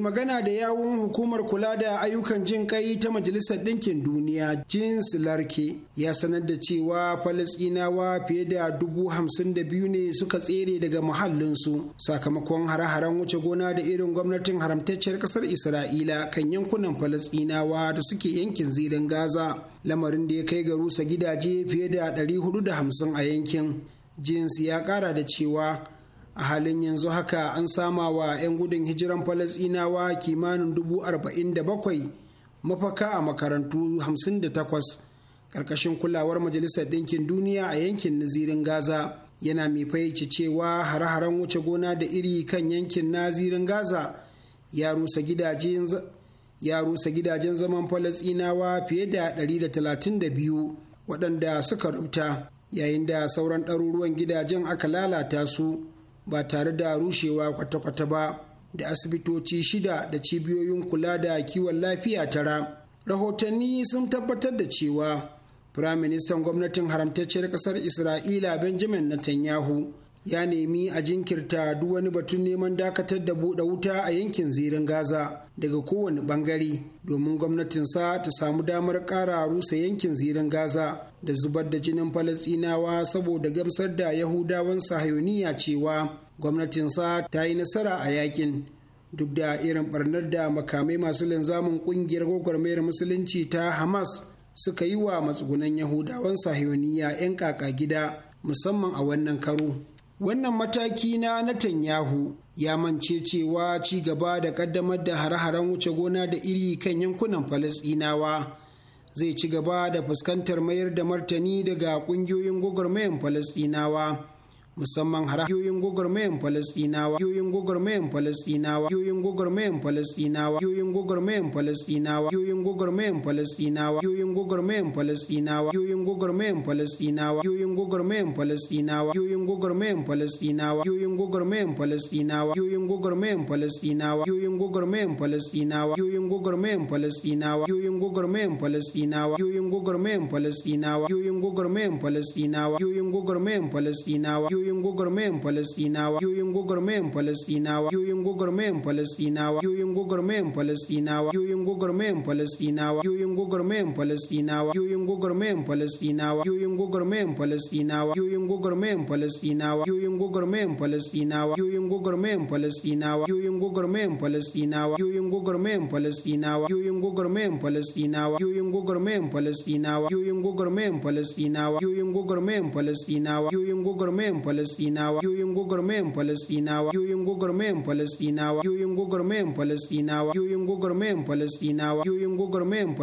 mai magana da yawun hukumar kula da ayyukan jin kai ta majalisar ɗinkin duniya jins larke ya sanar da cewa Falasinawa fiye da dubu hamsin da biyu ne suka tsere daga muhallinsu sakamakon hare-haren wuce gona da irin gwamnatin haramtacciyar ƙasar isra'ila kan yankunan Falasinawa da suke yankin zirin gaza lamarin da ya kai ga rusa gidaje fiye da 450 a yankin jins ya ƙara da cewa a halin yanzu haka an sama wa 'yan gudun hijiran falasinawa kimanin dubu arba'in da bakwai mafaka a makarantu 58 ƙarƙashin kulawar majalisar ɗinkin duniya a yankin nazirin gaza yana mai fahimci cewa hare-haren wuce gona da iri kan yankin nazirin gaza ya rusa gidajen zaman falasinawa fiye da 132 waɗanda suka rubuta yayin da sauran ɗaruruwan gidajen aka lalata su ba tare da rushewa kwata-kwata ba da asibitoci shida da cibiyoyin kula da kiwon lafiya tara rahotanni sun tabbatar da cewa firaministan gwamnatin haramtacciyar Kasar isra'ila benjamin netanyahu ya nemi a jinkirta duk wani batun neman dakatar da buɗe wuta a yankin zirin gaza daga kowane bangare domin gwamnatinsa ta samu damar ƙara rusa yankin zirin gaza da zubar da jinin falasinawa saboda gamsar da yahudawan sahayoniya cewa gwamnatinsa ta yi nasara a yakin duk da irin barnar da makamai masu linzamin kungiyar gwagwarmayar musulunci ta hamas suka yi wa matsugunan yahudawan sahayoniya 'yan kaka gida musamman a wannan karo wannan mataki na Netanyahu ya mance cewa ci gaba da kaddamar da hare-haren wuce gona da iri kan yankunan falasɗinawa zai ci gaba da fuskantar mayar da martani daga ƙungiyoyin gwagwarmayan falasɗinawa musamman har yoyin gwagwarmayan Falasɗinawa, yoyin gwagwarmayan Falasɗinawa, yoyin gwagwarmayan Falasɗinawa, yoyin gwagwarmayan Falasɗinawa, yoyin gwagwarmayan Falasɗinawa, yoyin gwagwarmayan Falasɗinawa, yoyin gwagwarmayan Falasɗinawa, yoyin gwagwarmayan Falasɗinawa, yoyin gwagwarmayan Falasɗinawa, yoyin gwagwarmayan Falasɗinawa, yoyin gwagwarmayan Falasɗinawa, yoyin gwagwarmayan Falasɗinawa, yoyin gwagwarmayan Falasɗinawa, yoyin gwagwarmayan Falasɗinawa, yoyin gwagwarmayan Falasɗinawa, yoyin gwagwarmayan Falasɗinawa, yoyin gwagwarmayan Falasɗinawa, yoyin yoyin gwagwarmayan Falasɗinawa, yoyin gwagwarmayan Falasɗinawa, yoyin gwagwarmayan Falasɗinawa, yoyin gwagwarmayan Falasɗinawa, yoyin gwagwarmayan Falasɗinawa, yoyin gwagwarmayan Falasɗinawa, yoyin gwagwarmayan Falasɗinawa, yoyin gwagwarmayan Falasɗinawa, yoyin gwagwarmayan Falasɗinawa, yoyin gwagwarmayan Falasɗinawa, yoyin gwagwarmayan Falasɗinawa, yoyin gwagwarmayan Falasɗinawa, yoyin gwagwarmayan Falasɗinawa, yoyin gwagwarmayan Falasɗinawa, yoyin gwagwarmayan Falasɗinawa, yoyin gwagwarmayan Falasɗinawa, yoyin gwagwarmayan Falasɗinawa, yoyin gwagwarmayan Falasɗinawa, yoyin gwagwarmayan Falasɗinawa, yoyin gwagwarmayan Falasɗinawa, yoyin gwagwarmayan Falasɗinawa, yoyin gwagwarmayan Falasɗinawa, yoyin gwagwarmayan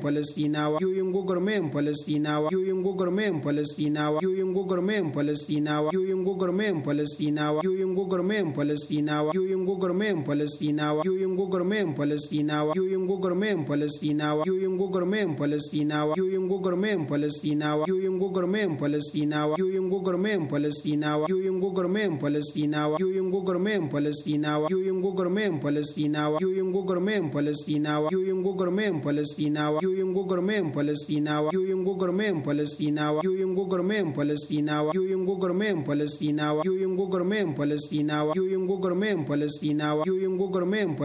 Falasɗinawa, yoyin gwagwarmayan Falasɗinawa, yoyin gwagwarmayan Falasɗinawa, yoyin gwagwarmayan Falasɗinawa, yoyin gwagwarmayan Falasɗinawa, yoyin gwagwarmayan Falasɗinawa, yoyin gwagwarmayan Falasɗinawa, yoyin gwagwarmayan Falasɗinawa, yoyin gwagwarmayan Falasɗinawa, yoyin gwagwarmayan Falasɗinawa, yoyin gwagwarmayan Falasɗinawa, yoyin gwagwarmayan Falasɗinawa, yoyin gwagwarmayan Falasɗinawa, yoyin yoyin gwagwarmayan falastinawa yoyin gwagwarmayan falastinawa yoyin gwagwarmayan falastinawa yoyin gwagwarmayan falastinawa yoyin gwagwarmayan falastinawa yoyin gwagwarmayan falastinawa yoyin gwagwarmayan falastinawa yoyin gwagwarmayan falastinawa yoyin gwagwarmayan falastinawa yoyin gwagwarmayan falastinawa yoyin gwagwarmayan falastinawa yoyin gwagwarmayan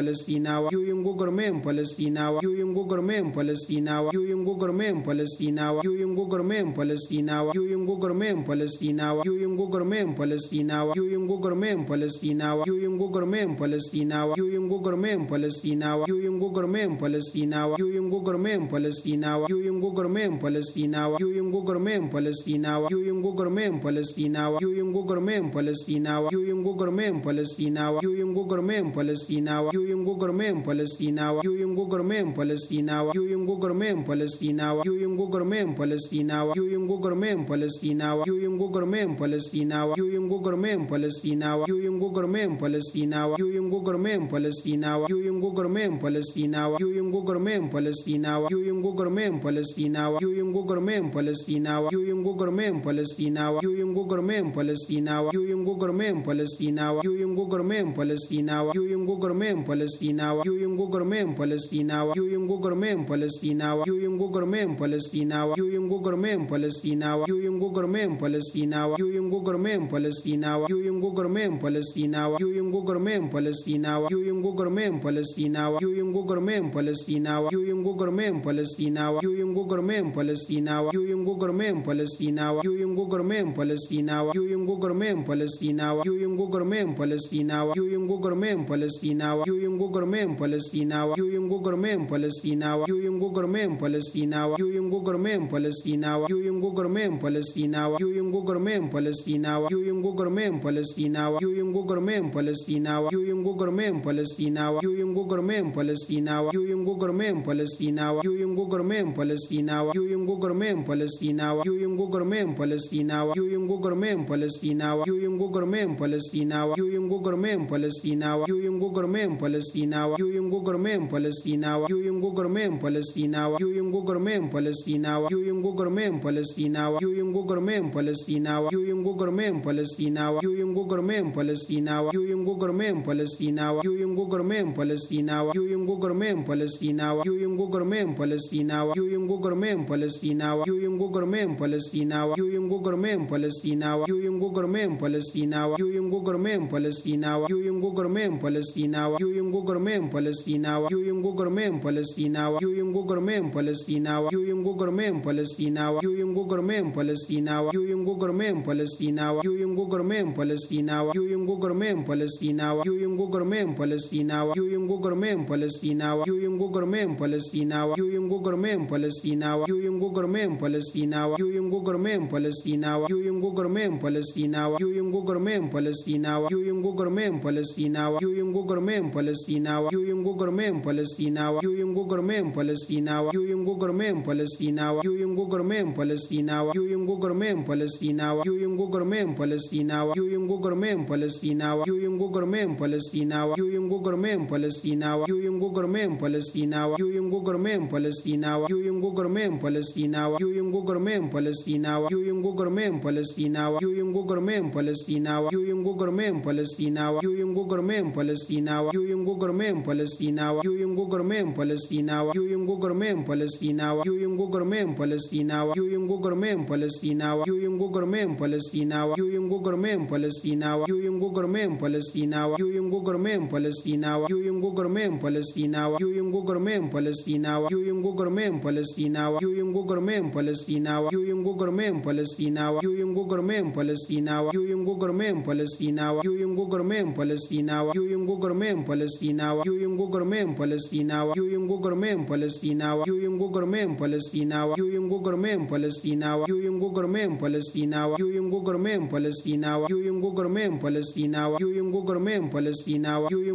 yoyin gwagwarmayan yoyin gwagwarmayan yoyin gwagwarmayan yoyin gwagwarmayan yoyin gwagwarmayan yoyin gwagwarmayan Falasɗinawa yoyin gwagwarmayan Falasɗinawa yoyin gwagwarmayan Falasɗinawa yoyin gwagwarmayan Falasɗinawa yoyin gwagwarmayan Falasɗinawa yoyin gwagwarmayan Falasɗinawa yoyin gwagwarmayan Falasɗinawa yoyin gwagwarmayan Falasɗinawa yoyin gwagwarmayan Falasɗinawa yoyin gwagwarmayan Falasɗinawa yoyin gwagwarmayan Falasɗinawa yoyin gwagwarmayan Falasɗinawa yoyin gwagwarmayan Falasɗinawa yoyin gwagwarmayan Falasɗinawa yoyin gwagwarmayan Falasɗinawa yoyin gwagwarmayan Falasɗinawa yoyin gwagwarmayan Falasɗinawa yoyin gwagwarmayan Falasɗinawa yoyin yoyin gwagwarmayan falasɗinawa yoyin gwagwarmayan falasɗinawa yoyin gwagwarmayan falasɗinawa yoyin gwagwarmayan falasɗinawa yoyin gwagwarmayan falasɗinawa yoyin gwagwarmayan falasɗinawa yoyin gwagwarmayan falasɗinawa yoyin gwagwarmayan falasɗinawa yoyin gwagwarmayan falasɗinawa yoyin gwagwarmayan falasɗinawa yoyin gwagwarmayan falasɗinawa yoyin gwagwarmayan falasɗinawa yoyin gwagwarmayan falasɗinawa yoyin gwagwarmayan falasɗinawa yoyin gwagwarmayan falasɗinawa yoyin gwagwarmayan falasɗinawa yoyin gwagwarmayan falasɗinawa yoyin gwagwarmayan falasɗinawa Falasɗinawa, you gwagwarmayan Falasɗinawa, yoyin gwagwarmayan Falasɗinawa, yoyin gwagwarmayan Falasɗinawa, yoyin gwagwarmayan Falasɗinawa, yoyin gwagwarmayan Falasɗinawa, yoyin gwagwarmayan Falasɗinawa, yoyin gwagwarmayan Falasɗinawa, yoyin gwagwarmayan Falasɗinawa, yoyin gwagwarmayan Falasɗinawa, yoyin gwagwarmayan Falasɗinawa, yoyin gwagwarmayan Falasɗinawa, yoyin gwagwarmayan Falasɗinawa, yoyin gwagwarmayan Falasɗinawa, yoyin gwagwarmayan Falasɗinawa, yoyin gwagwarmayan Falasɗinawa, yoyin gwagwarmayan Falasɗinawa, yoyin gwagwarmayan Falasɗinawa, yoyin yoyin gwagwarmayan falasɗinawa yoyin gwagwarmayan falasɗinawa yoyin gwagwarmayan falasɗinawa yoyin gwagwarmayan falasɗinawa yoyin gwagwarmayan falasɗinawa yoyin gwagwarmayan falasɗinawa yoyin gwagwarmayan falasɗinawa yoyin gwagwarmayan falasɗinawa yoyin gwagwarmayan falasɗinawa yoyin gwagwarmayan falasɗinawa yoyin gwagwarmayan falasɗinawa yoyin gwagwarmayan falasɗinawa yoyin gwagwarmayan falasɗinawa yoyin gwagwarmayan falasɗinawa yoyin gwagwarmayan falasɗinawa yoyin gwagwarmayan yoyin gwagwarmayan yoyin gwagwarmayan Falasɗinawa, yoyin gwagwarmayan Falasɗinawa, yoyin gwagwarmayan Falasɗinawa, yoyin gwagwarmayan Falasɗinawa, yoyin gwagwarmayan Falasɗinawa, yoyin gwagwarmayan Falasɗinawa, yoyin gwagwarmayan Falasɗinawa, yoyin gwagwarmayan Falasɗinawa, yoyin gwagwarmayan Falasɗinawa, yoyin gwagwarmayan Falasɗinawa, yoyin gwagwarmayan Falasɗinawa, yoyin gwagwarmayan Falasɗinawa, yoyin gwagwarmayan yoyin gwagwarmayan yoyin gwagwarmayan yoyin gwagwarmayan yoyin gwagwarmayan yoyin gwagwarmayan yoyin gwagwarmayan falastinawa yoyin gwagwarmayan falastinawa yoyin gwagwarmayan falastinawa yoyin gwagwarmayan falastinawa yoyin gwagwarmayan falastinawa yoyin gwagwarmayan falastinawa yoyin gwagwarmayan falastinawa yoyin gwagwarmayan falastinawa yoyin gwagwarmayan falastinawa yoyin gwagwarmayan falastinawa yoyin gwagwarmayan falastinawa yoyin gwagwarmayan falastinawa yoyin gwagwarmayan falastinawa yoyin gwagwarmayan falastinawa yoyin gwagwarmayan falastinawa yoyin gwagwarmayan falastinawa yoyin gwagwarmayan falastinawa yoyin gwagwarmayan falastinawa Falasɗinawa, yoyin gwagwarmayan Falasɗinawa, yoyin gwagwarmayan Falasɗinawa, yoyin gwagwarmayan Falasɗinawa, yoyin gwagwarmayan Falasɗinawa, yoyin gwagwarmayan Falasɗinawa, yoyin gwagwarmayan Falasɗinawa, yoyin gwagwarmayan Falasɗinawa, yoyin gwagwarmayan Falasɗinawa, yoyin gwagwarmayan Falasɗinawa, yoyin gwagwarmayan Falasɗinawa, yoyin gwagwarmayan yoyin gwagwarmayan yoyin gwagwarmayan yoyin gwagwarmayan yoyin gwagwarmayan yoyin gwagwarmayan yoyin gwagwarmayan yoyin gwagwarmayan Falasɗinawa, yoyin gwagwarmayan Falasɗinawa, yoyin gwagwarmayan Falasɗinawa, yoyin gwagwarmayan Falasɗinawa, yoyin gwagwarmayan Falasɗinawa, yoyin gwagwarmayan Falasɗinawa, yoyin gwagwarmayan Falasɗinawa, yoyin gwagwarmayan Falasɗinawa, yoyin gwagwarmayan Falasɗinawa, yoyin gwagwarmayan Falasɗinawa, yoyin gwagwarmayan Falasɗinawa, yoyin gwagwarmayan Falasɗinawa, yoyin gwagwarmayan Falasɗinawa, yoyin gwagwarmayan Falasɗinawa, yoyin gwagwarmayan Falasɗinawa, yoyin gwagwarmayan Falasɗinawa, yoyin gwagwarmayan Falasɗinawa, yoyin gwagwarmayan Falasɗinawa, Falasɗinawa, yoyin gwagwarmayan Falasɗinawa, yoyin gwagwarmayan Falasɗinawa, yoyin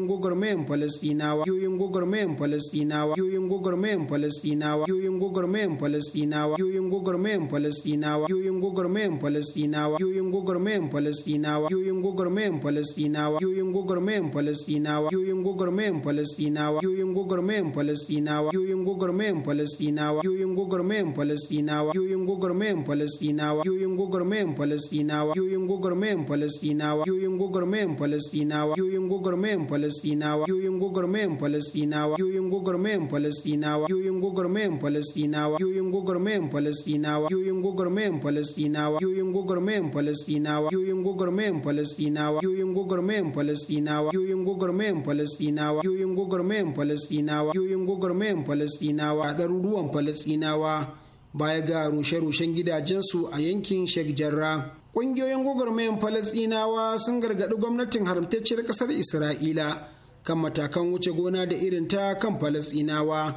gwagwarmayan Falasɗinawa, yoyin gwagwarmayan Falasɗinawa, yoyin gwagwarmayan Falasɗinawa, yoyin gwagwarmayan Falasɗinawa, yoyin gwagwarmayan Falasɗinawa, yoyin gwagwarmayan Falasɗinawa, yoyin gwagwarmayan Falasɗinawa, yoyin gwagwarmayan Falasɗinawa, yoyin gwagwarmayan Falasɗinawa, yoyin gwagwarmayan Falasɗinawa, yoyin gwagwarmayan Falasɗinawa, yoyin gwagwarmayan Falasɗinawa, yoyin gwagwarmayan Falasɗinawa, yoyin gwagwarmayan Falasɗinawa, yoyin gwagwarmayan Falasɗinawa, yoyin gwagwarmayan Falasɗinawa, yoyin gwagwarmayan Falasɗinawa, yoyin gwagwarmayan Falasɗinawa, yoyin gwagwarmayan Falasɗinawa, yoyin gwagwarmayan Falasɗinawa, yoyin gwagwarmayan Falasɗinawa, yoyin gwagwarmayan Falasɗinawa, yoyin gwagwarmayan Falasɗinawa, yoyin gwagwarmayan Falasɗinawa, yoyin gwagwarmayan Falasɗinawa, yoyin gwagwarmayan Falasɗinawa, yoyin gwagwarmayan Falasɗinawa, yoyin gwagwarmayan Falasɗinawa, yoyin gwagwarmayan Falasɗinawa, yoyin gwagwarmayan Falasɗinawa, ɗaruruwan Falasɗinawa baya ga rushe-rushen gidajensu a yankin Sheikh Jarrah. Ƙungiyoyin gwagwarmayan Falasɗinawa sun gargaɗi gwamnatin haramtacciyar ƙasar Isra'ila kan matakan wuce gona da irin ta kan Falasɗinawa,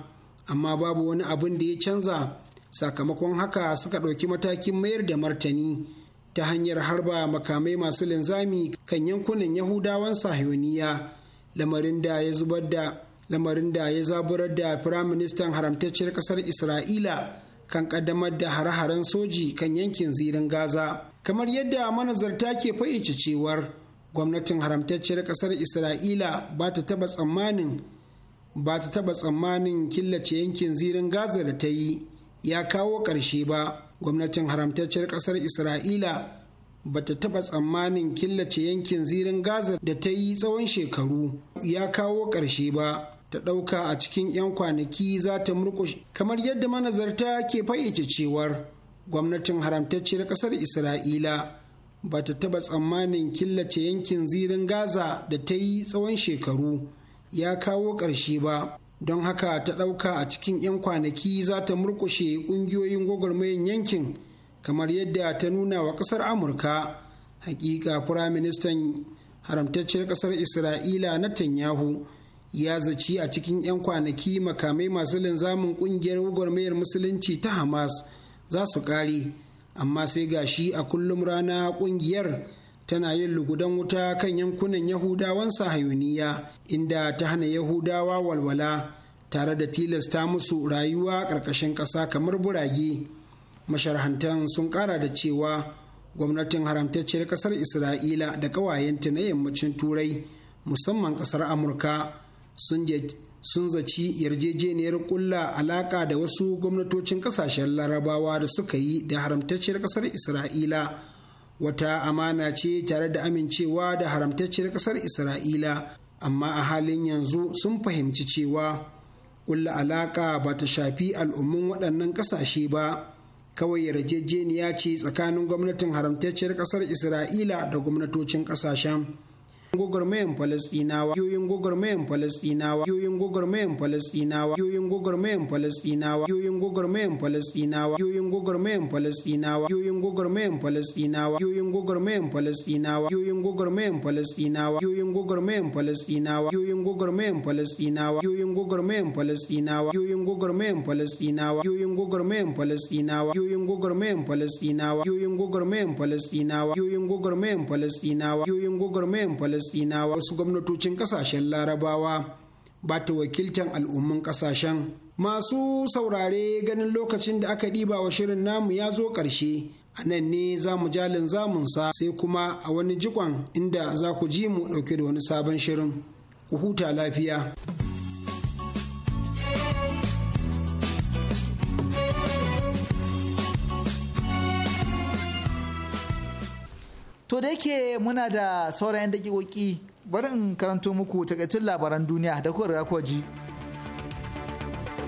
amma babu wani abin da ya canza. Sakamakon haka suka ɗauki matakin mayar da martani ta hanyar harba makamai masu linzami kan yankunan Yahudawan Sahiyoniya, lamarin da ya zubar da lamarin da ya zaburar da Firaministan haramtacciyar ƙasar Isra'ila kan kaddamar da hare-haren soji kan yankin zirin Gaza. Kamar yadda manazarta ke fayyace cewar gwamnatin haramtacciyar ƙasar Isra'ila ba ta taɓa tsammanin ba ta taba tsammanin killace yankin zirin Gaza da ta yi ya kawo ƙarshe ba. Gwamnatin haramtacciyar ƙasar Isra'ila ba ta taɓa tsammanin killace yankin zirin Gaza da ta yi tsawon shekaru ya kawo ƙarshe ba. ta ɗauka a cikin 'yan kwanaki za ta murƙushe kamar yadda manazarta ke fayyace cewar gwamnatin haramtacciyar ƙasar isra'ila ba ta taɓa tsammanin killace yankin zirin gaza da ta yi tsawon shekaru ya kawo ƙarshe ba don haka ta ɗauka a cikin 'yan kwanaki za ta murƙushe ƙungiyoyin gwagwarmayin yankin kamar yadda ta nuna wa ƙasar amurka hakika firaministan haramtacciyar ƙasar isra'ila na tanyahu ya zaci a cikin 'yan kwanaki makamai masu linzamin kungiyar gwagwarmayar musulunci ta hamas za su kare. amma sai gashi a kullum rana kungiyar tana yin lugudan wuta kan yankunan yahudawan sahayuniya inda ta hana yahudawa walwala tare da tilasta musu rayuwa ƙarƙashin ƙasa kamar burage masharhantan sun ƙara da cewa gwamnatin haramtacciyar ƙasar isra'ila da ƙawayenta na yammacin turai musamman ƙasar amurka sun zaci yarjejeniyar kulla alaka da wasu gwamnatocin kasashen larabawa da suka yi da haramtacciyar kasar isra'ila wata amana ce tare da amincewa da haramtacciyar kasar isra'ila amma a halin yanzu sun fahimci cewa kulla alaka ba ta shafi al'ummin waɗannan ƙasashe ba kawai yarjejeniya ce tsakanin gwamnatin haramtacciyar kasar isra'ila da gwamnatocin kasashen. gwagwarmayan falasɗinawa yoyin gwagwarmayan falasɗinawa yoyin gwagwarmayan falasɗinawa yoyin gwagwarmayan falasɗinawa yoyin gwagwarmayan falasɗinawa yoyin gwagwarmayan falasɗinawa yoyin gwagwarmayan falasɗinawa yoyin gwagwarmayan falasɗinawa yoyin gwagwarmayan falasɗinawa yoyin gwagwarmayan falasɗinawa yoyin gwagwarmayan falasɗinawa yoyin gwagwarmayan falasɗinawa yoyin gwagwarmayan falasɗinawa yoyin gwagwarmayan falasɗinawa yoyin gwagwarmayan falasɗinawa yoyin gwagwarmayan yoyin gwagwarmayan yoyin gwagwarmayan Falasɗinawa wasu gwamnatocin kasashen larabawa ba ta wakiltan al'ummun kasashen masu saurare ganin lokacin da aka ɗiba wa shirin namu ya zo ƙarshe a nan ne za mu jalin zamunsa sai kuma a wani jikon inda za ku ji mu ɗauke da wani sabon shirin ku huta lafiya. to da yake muna da sauran 'yan dakikoki bari in karanto muku takaitun labaran duniya da kuka riga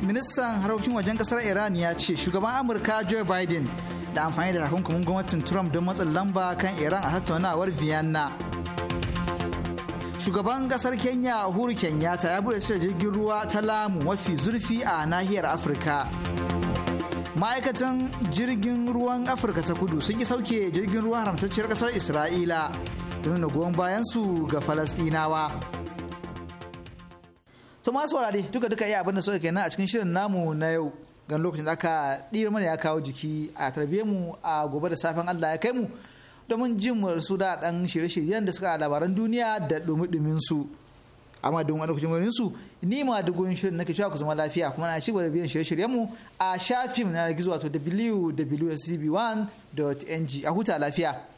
ministan harkokin wajen ƙasar iran ya ce shugaban amurka joe biden da amfani da takunkumin gwamnatin trump don matsin lamba kan iran a tattaunawar vienna shugaban ƙasar kenya uhuru kenyatta ya buɗe jirgin ruwa ta lamu mafi zurfi a nahiyar afirka ma'aikatan jirgin ruwan afirka ta kudu sun yi sauke jirgin ruwan haramtacciyar kasar isra'ila don nuna goyon bayansu ga falastinawa to masu saurare duka duka iya abinda suka kenan a cikin shirin namu na yau gan lokacin da aka ɗira mana ya kawo jiki a tarbe mu a gobe da safen allah ya kai mu domin jin su da dan shirye-shiryen da suka labaran duniya da dumi amma don wani lokacin su ni ma dugun shirin nake cewa ku zama lafiya kuma na ci gaba da biyan shirye mu a shafin na gizo wato www.cb1.ng a huta lafiya.